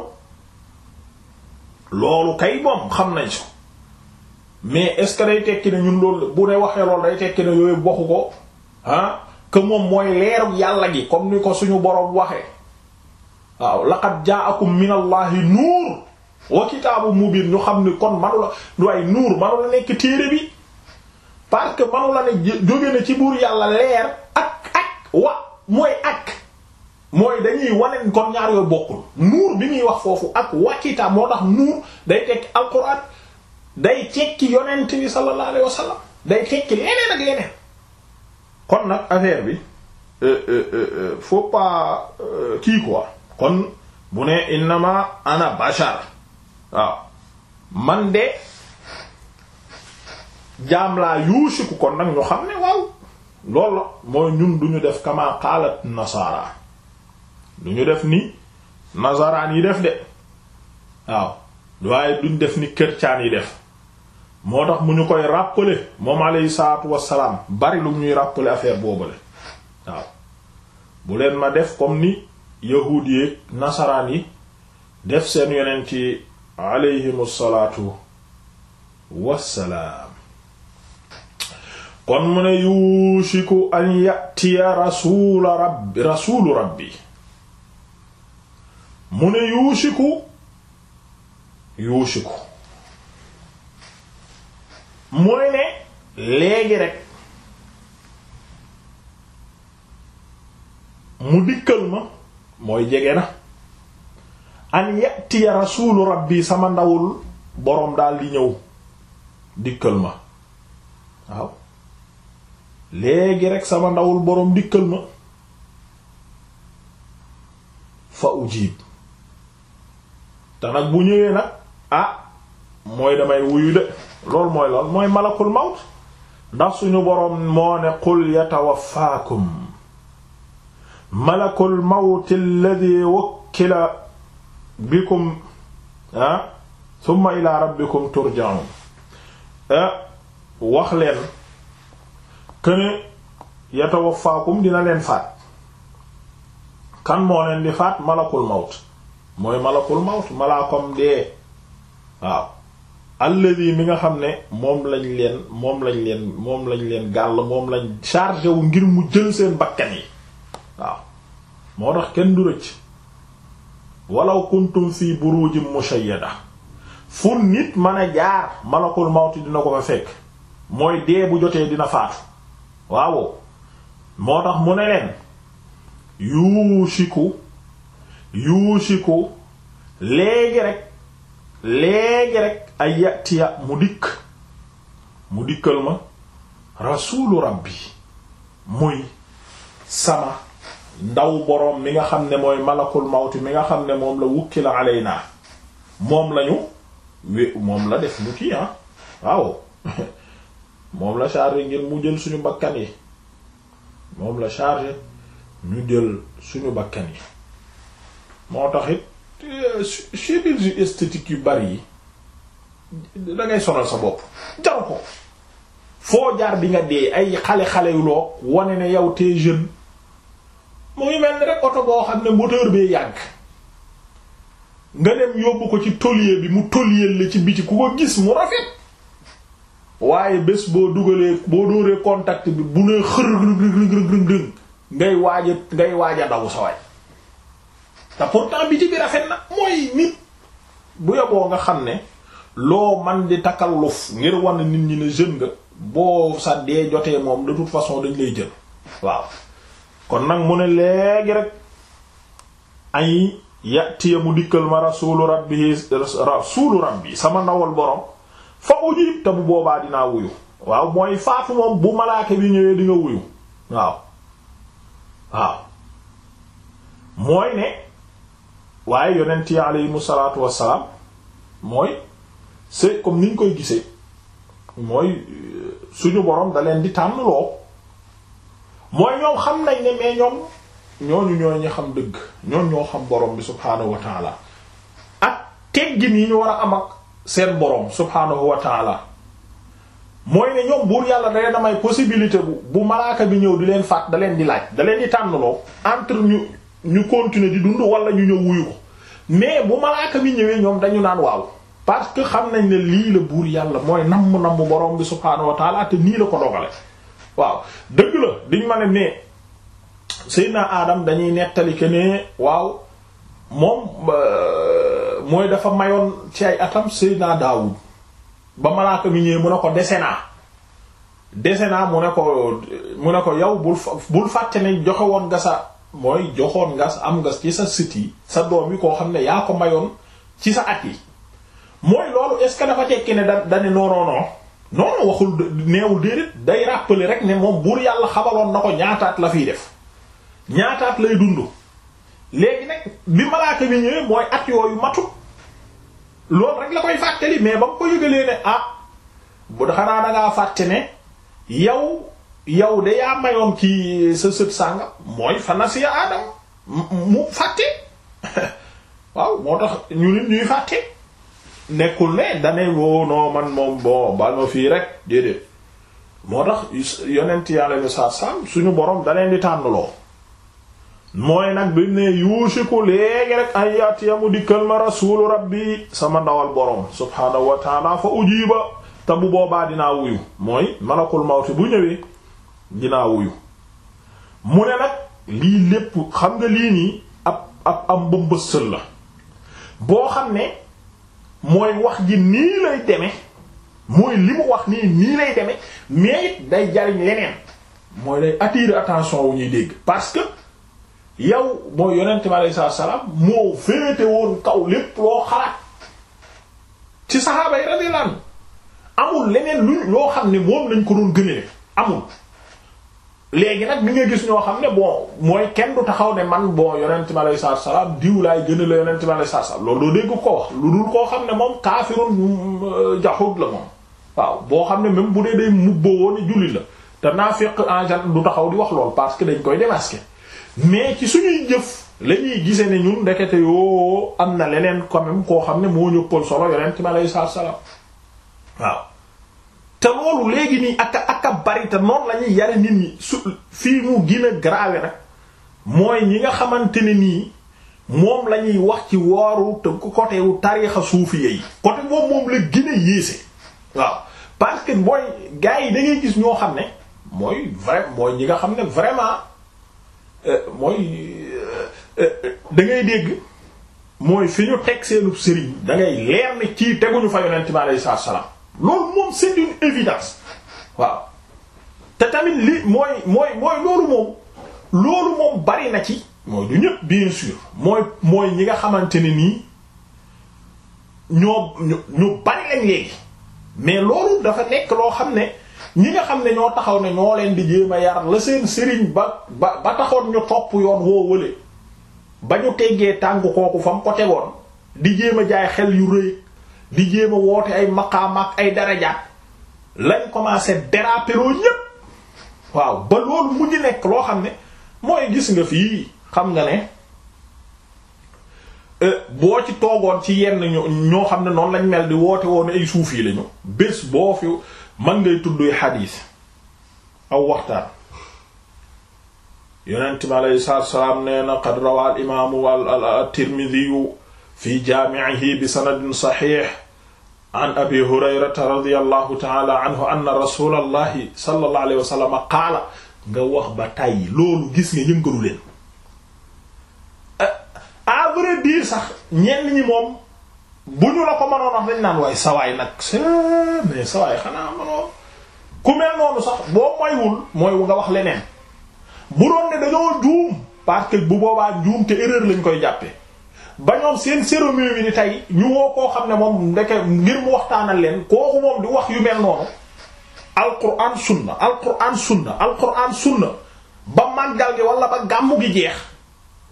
loolu kay moom xam nañ so mais est-ce que day tekki ne ñun loolu bu ne waxee loolu day tekki ne yooyu waxu ko ah que moom mooy leeru yàlla gi comme ni ko suñu boroom waxee waaw laqad ja'akum minallahi nuur wa kitaabu mubin ñu xam ni kon manu la waaye nuur manu la nekk téere bi parce que manu la ne jóge na ci buur yàlla leer ak ak wa mooy ak mooy dañuy wane kon ñaar yooyu bokkul nuur bi muy wax foofu ak wakita moo tax nuur day tekki alquran day tekki yonent bi sallallahu day tekki leneen ak leneen kon nag affaire bi euh, euh, euh, faut pas kon bu ne innama ana bashar waaw man de jaam laa yuusiku kon nag ñu xam ne waaw loolu la mooy ñun duñu def kama qalat nasara du ñu def ni nasaraan yi def de waaw waaye duñ def ni kërcaan yi def moo tax mu ñu koy rappeler moom alayhi salaatu wassalaam bari lu ñuy rappeler affaire boobale waaw bu leen ma def comme ni yahuud nasaraan yi def seen yonent ci alayhimu salaatu wassalaam kon mu ne yuushiku an yatiya rasuula rabbi rasuulu rabbi mu ne yuushiku yuushiku mooy ne léegi rek mu dikkal ma mooy jege na an yatiya rasuulu rabbi sama ndawul boroom daal di ñëw dikkal ma waaw léegi rek sama ndawul borom dikkal ma fa ujib te nag bu ñëwee nag ah mooy damay wuyu de loolu mooy lool mooy malakul mawt ndax suñu boroom moo ne qul yatawaffaakum malakul mawti alladhi wukkila bikum ah summa ila rabbikum turja'un ah wax leen këne yatawaffaakum dina leen faat kan moo leen di faat malakul mawt mooy malakul mawt malaakom dee waaw alladi mi nga xam ne moom lañ leen moom lañ leen moom lañ leen gàll moom lañ chargé wu ngir mu jël seen bakkan yi waaw moo tax kenn du rëcc walaw kuntum fii burujin mushayyada fu nit mën a jaar malakul mawti dina ko fa fekk mooy dee bu jotee dina faatu waaw moo tax mu ne leen yuushiku yuusiku léegi rek léegi rek ay yatiya mu dikk mu dikkal ma rasuulu rabbi muy sama ndaw boroom mi nga xam ne mooy malakul mawti mi nga xam ne moom la wukki la alay naa moom lañu we moom la def ñu kii ah waaw moom la chargé ngir mu jël suñu bakkan yi moom la chargé ñu jël suñu bakkan yi moo tax it chirurgie euh, esthétique yu bari yi da ngay sonal sa bopp jaw ko foo jaar bi nga dee ay xale-xale yu loo wane ne yow te jeune mu ngi mel ni rek oto boo xam ne moteur bee yàgg nga dem yóbbu ko ci tôlier bi mu tôlier la ci biti ku ko gis mu rafet waaye bés boo dugalee boo dóoree contact bi bu nee xërëg rëg rëg rëg rëg ngay waaja ngay waaja daw sa te pourtant biti bi rafet na mooy nit bu yoboo nga xam ne loo man di takalluf ngir wan nit ñi ne jeune nga boo sa dee jotee moom de toute façon dañ lay jël waaw kon nag mu ne léegi rek ay yatiya mu dikkal ma rasulu rabbi rasulu sama ndawal borom fa ujib te bu boobaa dinaa wuyu waaw mooy faatu moom bu malaake bi ñëwee di wuyu waaw waaw mooy ne waaye yonent yi aleyhimu salaatu wassalaam mooy c'est comme niñ koy gisee mooy euh, suñu borom da leen di tànnloo mooy ñoom xam nañ ne mais ñoom ñooñu ñoo ñu xam dëgg ñoom ñoo xam borom bi subhaanahu wa taala ak teggin yi ñu war a am ak seet borom subhaanahu wa taala mooy ne ñoom buur yàlla da leen damay possibilité bu bu malaaka bi ñëw di leen faat da leen di laaj da leen di tànnloo entre ñu continuer di dund wala ñu ñëw wuyu ko mais bu malaaka mi ñëwee ñoom dañu naan waaw parce que xam nañ ne lii la buur yàlla mooy namm namm borom bi subhaanahu wa taala te nii la ko dogale waaw dëgg la diñ ma ne ne Seydina Adam dañuy nettali que ne waaw moom euh, mooy dafa mayoon ci ay atam Seydina Daawud ba malaaka mi ñëwee mu ne ko dese naa dese naa mu ne ko mu ne ko yow bul bul fàtte ne joxe woon nga mooy joxoon nga am nga ci sa siti sa doom yi koo xam ne yaa ko mayoon ci sa at yi mooy loolu est-ce que dafa tekki ne da da ne non non waxul neewul déedéet day rappeler rek ne moom buur yàlla xabaloon na ko ñaataat la fiy def ñaataat lay dund. léegi nag bi malaaka bi ñëwee mooy at yooyu matut loolu rek la koy fàttali mais ba mu ko yëgalee ne ah bu xanaa da ngaa fàtte ne yow. yow de yaa mayoon kii sa sët sàngam mooy fanasiya aadam mu fàtte waaw moo tax ñu nit ñuy fàtte nekkul ne dane woo noo man moom bon bal ma fii rek déedéet moo tax yonent yàlla ni saam suñu borom daneen di tànnloo mooy nag bi ne yuusi ko rek ay yaat yamu dikkal ma rasuulu rabbi sama ndawal borom subhaanahu wa fa ujiiba te boobaa dinaa wuyu mooy malakul mawti bu ñëwee dinaa wuyu mu ne nag lii lépp xam nga lii nii ab ab am bëmbësal la boo xam ne mooy wax ji nii lay deme mooy li mu wax nii nii lay deme mais it day jariñ leneen mooy day attirer attention wu ñuy dégg parce que yow mooy yonent bi aleyhi salaatu salaam moo féete woon kaw lépp loo xalaat ci saxaaba yi radiyallahu amul leneen loo xam ne moom lañ ko doon gënale amul léegi nag bi nga gis ñoo xam ne bon mooy kenn du taxaw ne man boo yonent mi alayhi salaatu salaam diw laay gën a la yonent mi alayhi salaatu salaam loolu doo dégg ko wax lu dul koo xam ne moom kaafirun euh, jaxud la moom waaw boo xam ne même bu dee day mubboo woon julli la te naa fekk en du taxaw di wax lool parce que dañ koy démasquer mais ci suñuy jëf la ñuy gisee ne ñun ndekete yoo am na leneen quand même koo xam ne moo ñu ëppal solo yonent mi alayhi salaatu salaam waaw. te loolu léegi nii ak ak a bari te noonu la yare nit ñi su fii mu gën a grave rek mooy ñi nga xamante ne nii moom la ñuy wax ci wooru te côté wu tariixa suuf yi côté boobu moom la gën a yéese waaw parce que mooy gars yi da gis ñoo xam ne mooy vrai mooy ñi nga xam ne vraiment euh, mooy euh, euh, dangay dégg mooy fi ñu teg seenub sëriñ da ngay leer ne ci teguñu fa yonent bi alayhi salaam loolu moom c'est une évidence waaw te tamit li mooy mooy mooy loolu moom loolu moom bari na ci mooy du ñëpp bien sûr mooy mooy ñi nga xamante ni nii ñoo ñu bari lañ léegi mais loolu dafa nekk loo xam ne ñi nga xam ne ñoo taxaw ne ñoo leen di jéem a yar la seen sëriñ ba ba ba taxoon ñu topp yoon woo wële ba ñu teggee tànk kooku fa mu ko tegoon di jéem a jaay xel yu rëy di jéem a woote ay maqaam ay darajaat lañ commencé dérapéroo ñépp waaw ba loolu mu ñu nekk loo xam ne mooy gis nga fii xam nga ne euh, boo ci toogoon ci yenn ñoo xam ne noonu lañ mel di woote woon ay suuf yi lañu bés boo fi mën ngay tudduy xadiis aw waxtaan yonent bi aleyhi salaatu wa salaam nee na qad rawaa al imaamu al al tirmidhi fi jaamihi bi sanadin saxiix an abi hurayrata radiyallahu taala anhu anna rasulallahi sallallahu alayhi wa sallam qaala nga wax ba tàyyi loolu gis nga yëngalu leen à vrai dire sax ñenn ñi moom bu ñu la ko mënoon wax dañ naan waaye sawaay nag c'est mais sawaay xanaa mënoo ku mel noonu sax boo moywul mooy nga wax leneen bu doon ne dañoo juum parce bu boobaa juum te erreur lañ koy jàppee ba ñoom seen cérémonie bi ni tey ñu woo koo xam ne moom ndeke ngir mu waxtaanal leen kooku moom di wax yu mel noonu alquran sunna alquran sunna alquran sunna ba màggal gi wala ba gàmmu gi jeex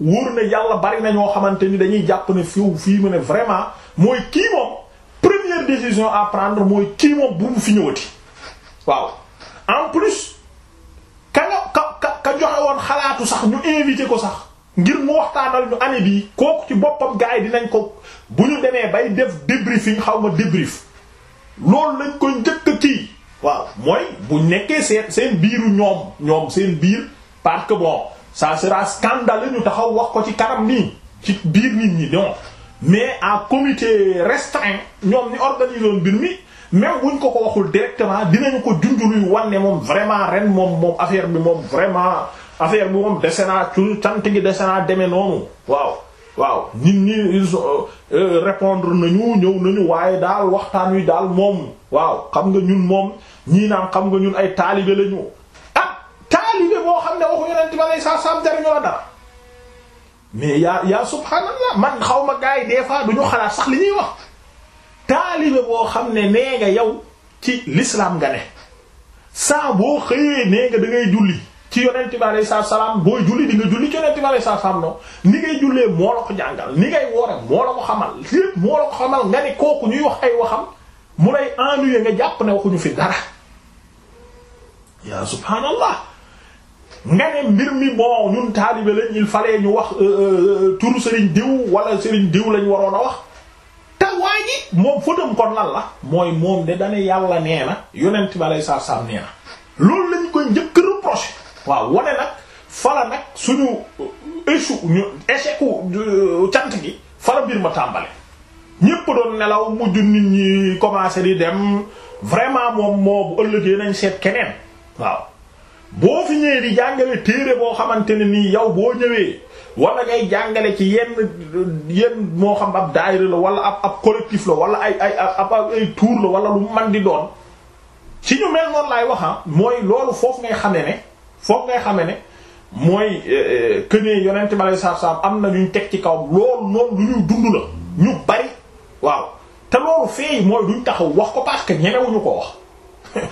wóor na yàlla bari na ñoo xamante ni dañuy jàpp ne fiw fii mu ne vraiment mooy kii moom première décision à prendre mooy kii moom bu mu fi ñëwati waaw en plus ka nga ka ka joxe woon xalaatu sax ñu invité ko sax ngir mu waxtaanal ñu année bii kooku ci boppam gars yi dinañ ko bu ñu demee bay def débriefing xaw ma débrief loolu lañ ko njëkk kii waaw mooy bu nekkee seen seen biiru ñoom ñoom seen biir parce que bon ça sera scandale ñu taxaw wax ko ci kanam nii ci biir nit ñi donc mais à comité restreint ñoom ni organisé woon mbir mi même buñ ko ko waxul directement dinañu ko junjuluy wan moom vraiment ren moom moom affaire bi moom vraiment. affaire bi moom dese cu cant gi dese naa noonu waaw waaw nit ñi ils euh, nañu ñëw nañu waaye daal waxtaan wi daal moom waaw xam nga ñun moom ñii naan xam nga ñun ay taalibe lañu ah taalibe boo xam ne waxu yonent bi mais yaa yaa subhaanallah man xaw ma gars yi des fois du ñu xalaat sax li wax taalibe boo xam ne nee nga yow ci lislaam nga ne saa boo xëyee nee nga julli ci yonent bi alayhi salaam booy julli di nga julli ci yonent bi alayhi salaam non ni ngay jullee moo la ko jàngal ni ngay woore moo la ko xamal lépp moo la ko xamal nga ne kooku ñuy wax ay waxam mu lay ennuyer nga jàpp ne waxuñu fi dara yaa subhaanallah nga ne mbir mi bon ñun taalibe lañ il fallait ñu wax euh, euh, euh, turu Serigne diw wala Serigne diw lañu waroon a wax te waa ji moom fëtam kon lan la mooy moom de dane yàlla nee na yonent bi alayhi salaam nee na loolu lañ ko njëkk reproché waaw wane nag fala nag suñu échou ñu échec cant gi fala mbir ma tàmbale ñépp doon nelaw mujj nit ñi commencé di dem vraiment moom moo bu ëllëgee nañ seet keneen waaw boo fi ñëwee di jàngale téere boo xamante ne nii yow boo ñëwee wala ngay jàngale ci yenn yenn moo xam ab daayira la wala ab ab collectif la wala ay ay ab ay tour la wala lu man di doon ci ñu mel noonu laay wax ah mooy loolu foofu ngay xamee ne foog ngay xame ne mooy kënee euh, euh, yonent ma lay saab am na ñu teg ci kaw loolu noonu lu ñuy la ñu bari waaw te loolu feey mooy duñ taxaw wax ko parce que ñemewuñu ko wax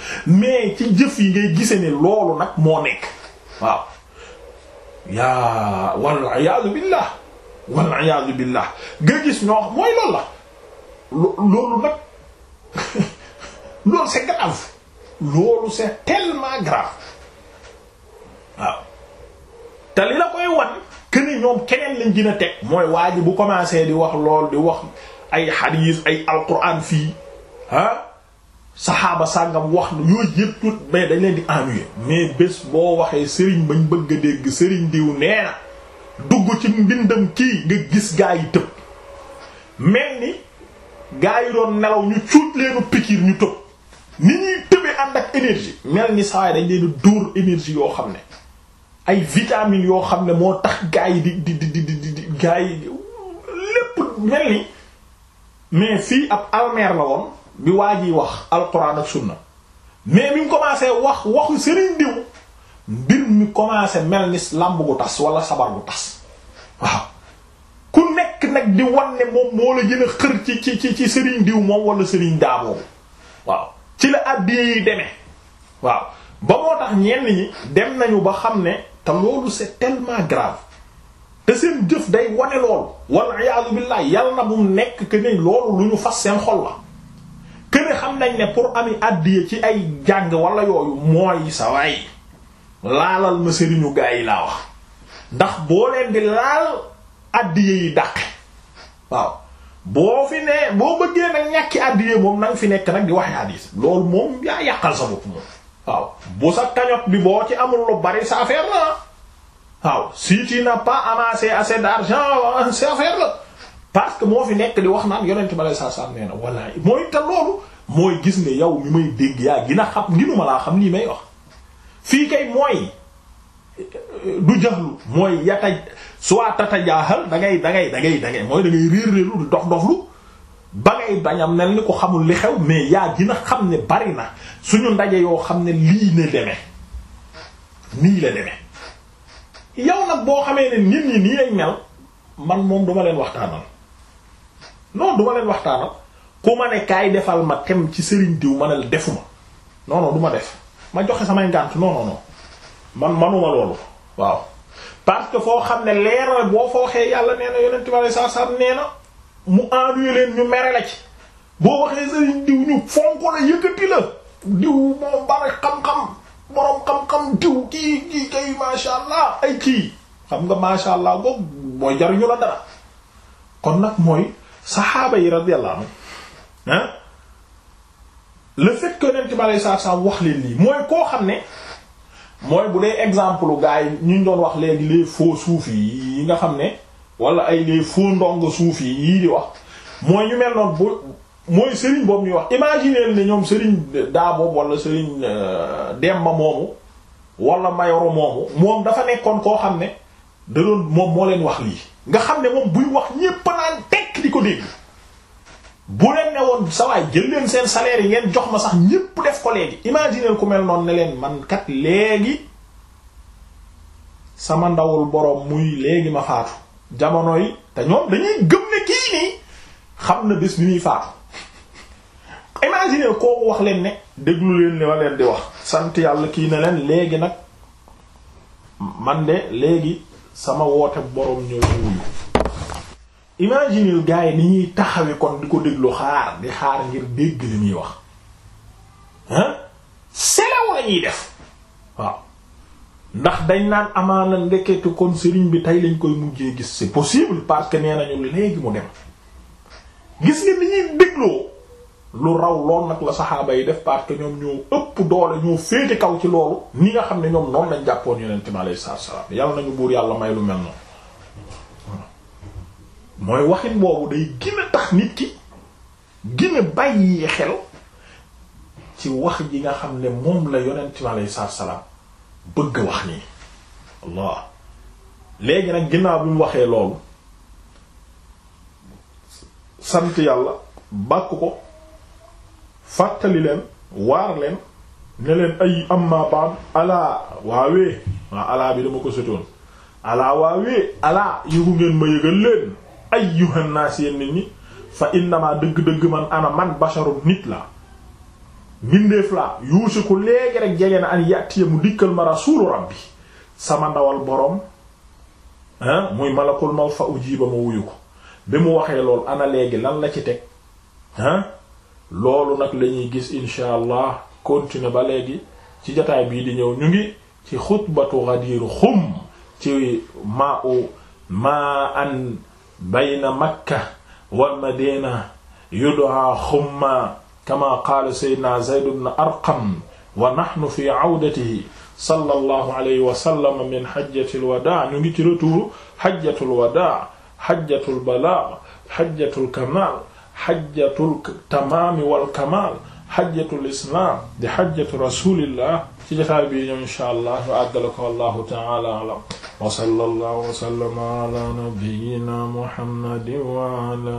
mais ci jëf yi ngay gise ne loolu nag moo nekk waaw yaa wal iyaadu billah wal iyaadu billah nga gis ñoo mooy loolu la loolu nag loolu c'est grave loolu c'est tellement grave waaw te li la koy wan que ni ñoom keneen lañ dina a teg mooy waa ji bu commencé di wax lool di wax ay xadiis ay alquran fii ah saxaaba sàngam wax yooyu yëpp tout mais dañ leen di ennuyer mais bés boo waxee sëriñ bañ bëgg a dégg sëriñ diw nee na dugg ci mbindam kii nga gis gaa yi tëb mel ni gaa yi doon nelaw ñu cuut leenu pikiir ñu tëb ni ñuy tëbee ànd ak énergie mel ni saa yi dañ leen di dóor énergie yoo xam ne ay vitamines yoo xam ne moo tax gaa yi di di di di di di gaa yi lépp mel ni mais fii ab almeer la woon bi waa jiy wax alquran ak sunna mais bi mu commencé wax waxu sëriñ diw mbir mi commencé mel ni làmb gu tas wala sabar gu tas waaw ku nekk nag di wan ne moom moo la gën a xër ci ci ci ci sëriñ diw moom wala sëriñ daaboobu waaw ci la àddiya yi demee waaw ba moo tax ñenn ñi dem nañu ba xam ne te loolu c'est tellement grave te seen jëf day wane loolu wal iyaadu billah yal na mu nekk que ne loolu lu ñu fas seen xol la que xam nañ ne pour ami àddiya ci ay jàng wala yooyu mooy sa waay laalal ma sëriñu gaa yi laa wax ndax boo leen di laal àddiya yi dàq waaw boo fi ne boo bëggee nag ñàkki àddiya moom nanga fi nekk nag di waxe hadis loolu moom yaa yàqal sa bopp moom waaw bu sa cagnotte bi boo ci amul lu bari sa affaire la waaw si tu n'as pas amassé assez d'argent euh, sa affaire la parce que moo fi nekk di wax naan yonent ma lay saa saa nee na wallaahi mooy te loolu mooy gis ne yow mi may dégg yaa gina xam ginu ma laa xam nii may wax fii kay mooy euh, du jaxlu mooy yataj soit tatajaahal da ngay da ngay da ngay da ngay mooy da ngay réer réerlu di dox doxlu ba ngay bañam mel ni ko xamul li xew mais yaa dina xam ne bari na suñu ndaje yoo xam ne lii ne demee nii la demee yow nag boo xamee ne nit ñi nii lañ mel man moom duma leen waxtaanal non duma leen waxtaanal ku ma ne defal ma tem ci sëriñ diw ma ne la defuma non non du ma def ma joxe samay ngànt non non non man manuma loolu waaw parce que foo xam ne leer boo fa waxee yàlla nee na yonent bi sallallahu alayhi nee na mu ennuye leen ñu mere la ci boo waxee sëriñ diw ñu fonk la yëkkati la diw moom bari xam-xam boroom xam-xam diw kii kii kay masha allah ay kii xam nga masha allah boog mooy jariñu la dara kon nag mooy saxaaba yi radiyallahu anhu le fait que yonent bi alei wax leen lii mooy koo xam ne mooy bu dee exemple gars yi ñu doon wax léegi les faux soufis yi nga xam ne wala ay les faux ndongo suuf yi yii di wax mooy ñu mel noonu bu mooy sëriñ boobu ñuy wax imaginer ne ñoom sëriñ daa boobu wala sëriñ euh, Demba moomu wala Mayoro moomu moom dafa nekkoon koo xam ne da doon moom moo leen wax lii. nga xam ne moom buy wax ñépp naan tekk di ko dégg bu leen ne woon sa waay jël leen seen salaire yi ngeen jox ma sax ñépp def ko léegi imaginer ku mel noonu ne leen mankat kat léegi sama ndawul boroom muy léegi ma faatu. jamono yi te ñoom dañuy gëm ne kii nii xam na bés bi muy faatu imagine kooku wax leen ne déglu leen li ma leen di wax sant yàlla kii ne leen léegi nag man de léegi sama woote boroom ñëw wuyu imagineel gars yi ni ñuy taxawe kon di ko déglu xaar di xaar ngir dégg li muy wax hein selaw lañuy def waaw ndax dañ naan amaana ndekete kon sëriñ bi tey lañ koy mujjee gis si possible parce que nee nañu léegi mu dem gis nga ni ñuy dégloo lu raw lool nag la saxaaba yi def parce que ñoom ñoo ëpp doole ñoo féete kaw ci loolu ni nga xam ne ñoom noonu lañ jàppoon yonent mi alayhi salaatu salaam yàlla nañu buur yàlla may lu mel noonu mooy waxin boobu day gën tax nit ki gën a bàyyi xel ci wax ji nga xam ne moom la yonent mi alayhi salaatu salaam bëgg wax nii Allah léegi nag ginnaaw bi mu waxee loolu sant yàlla bàkk ko fàttali leen waar leen ne leen ay amma ba'd alaa waawee waa alaa bi dama ko sotoon alaa waawee alaa yëgu ngeen ma yëgal leen ayyuhan naas yeen nit ñi fa innamaa dëgg-dëgg man ana man basharun nit la mbindeef laa yuusiku léegi rek jege na an yàttiya mu dikkal ma rasuulu rabbi sama ndawal boroom ah, muy malakul maw fa ujiba ma wuyu ko bi mu waxee loolu ana léegi lan la ci teg ah, loolu nag lañuy gis insha kontiné ba léegi ci jotaay bii di ñëw ñu ngi ci xutbatu Ghadir Xum ci maa u maa an bayna makka wal madina yud'a xumma kama qaala sayyidina zayd ibn arqam wa nahnu fi awdatihi sallallahu alayhi wa sallam min hajjatil wadaa ñu ngi ci retour hajjatul wadaa hajjatul balagh hajjatul kamal hajjatul tamaami wal kamal hajjatul islam di hajjatu rasulillah ci jotaay bi ñoom insha allah ñu àggale ko wallahu ta'ala a'lam wa sallallahu wa sallama ala nabiyyina muhammadin wa ala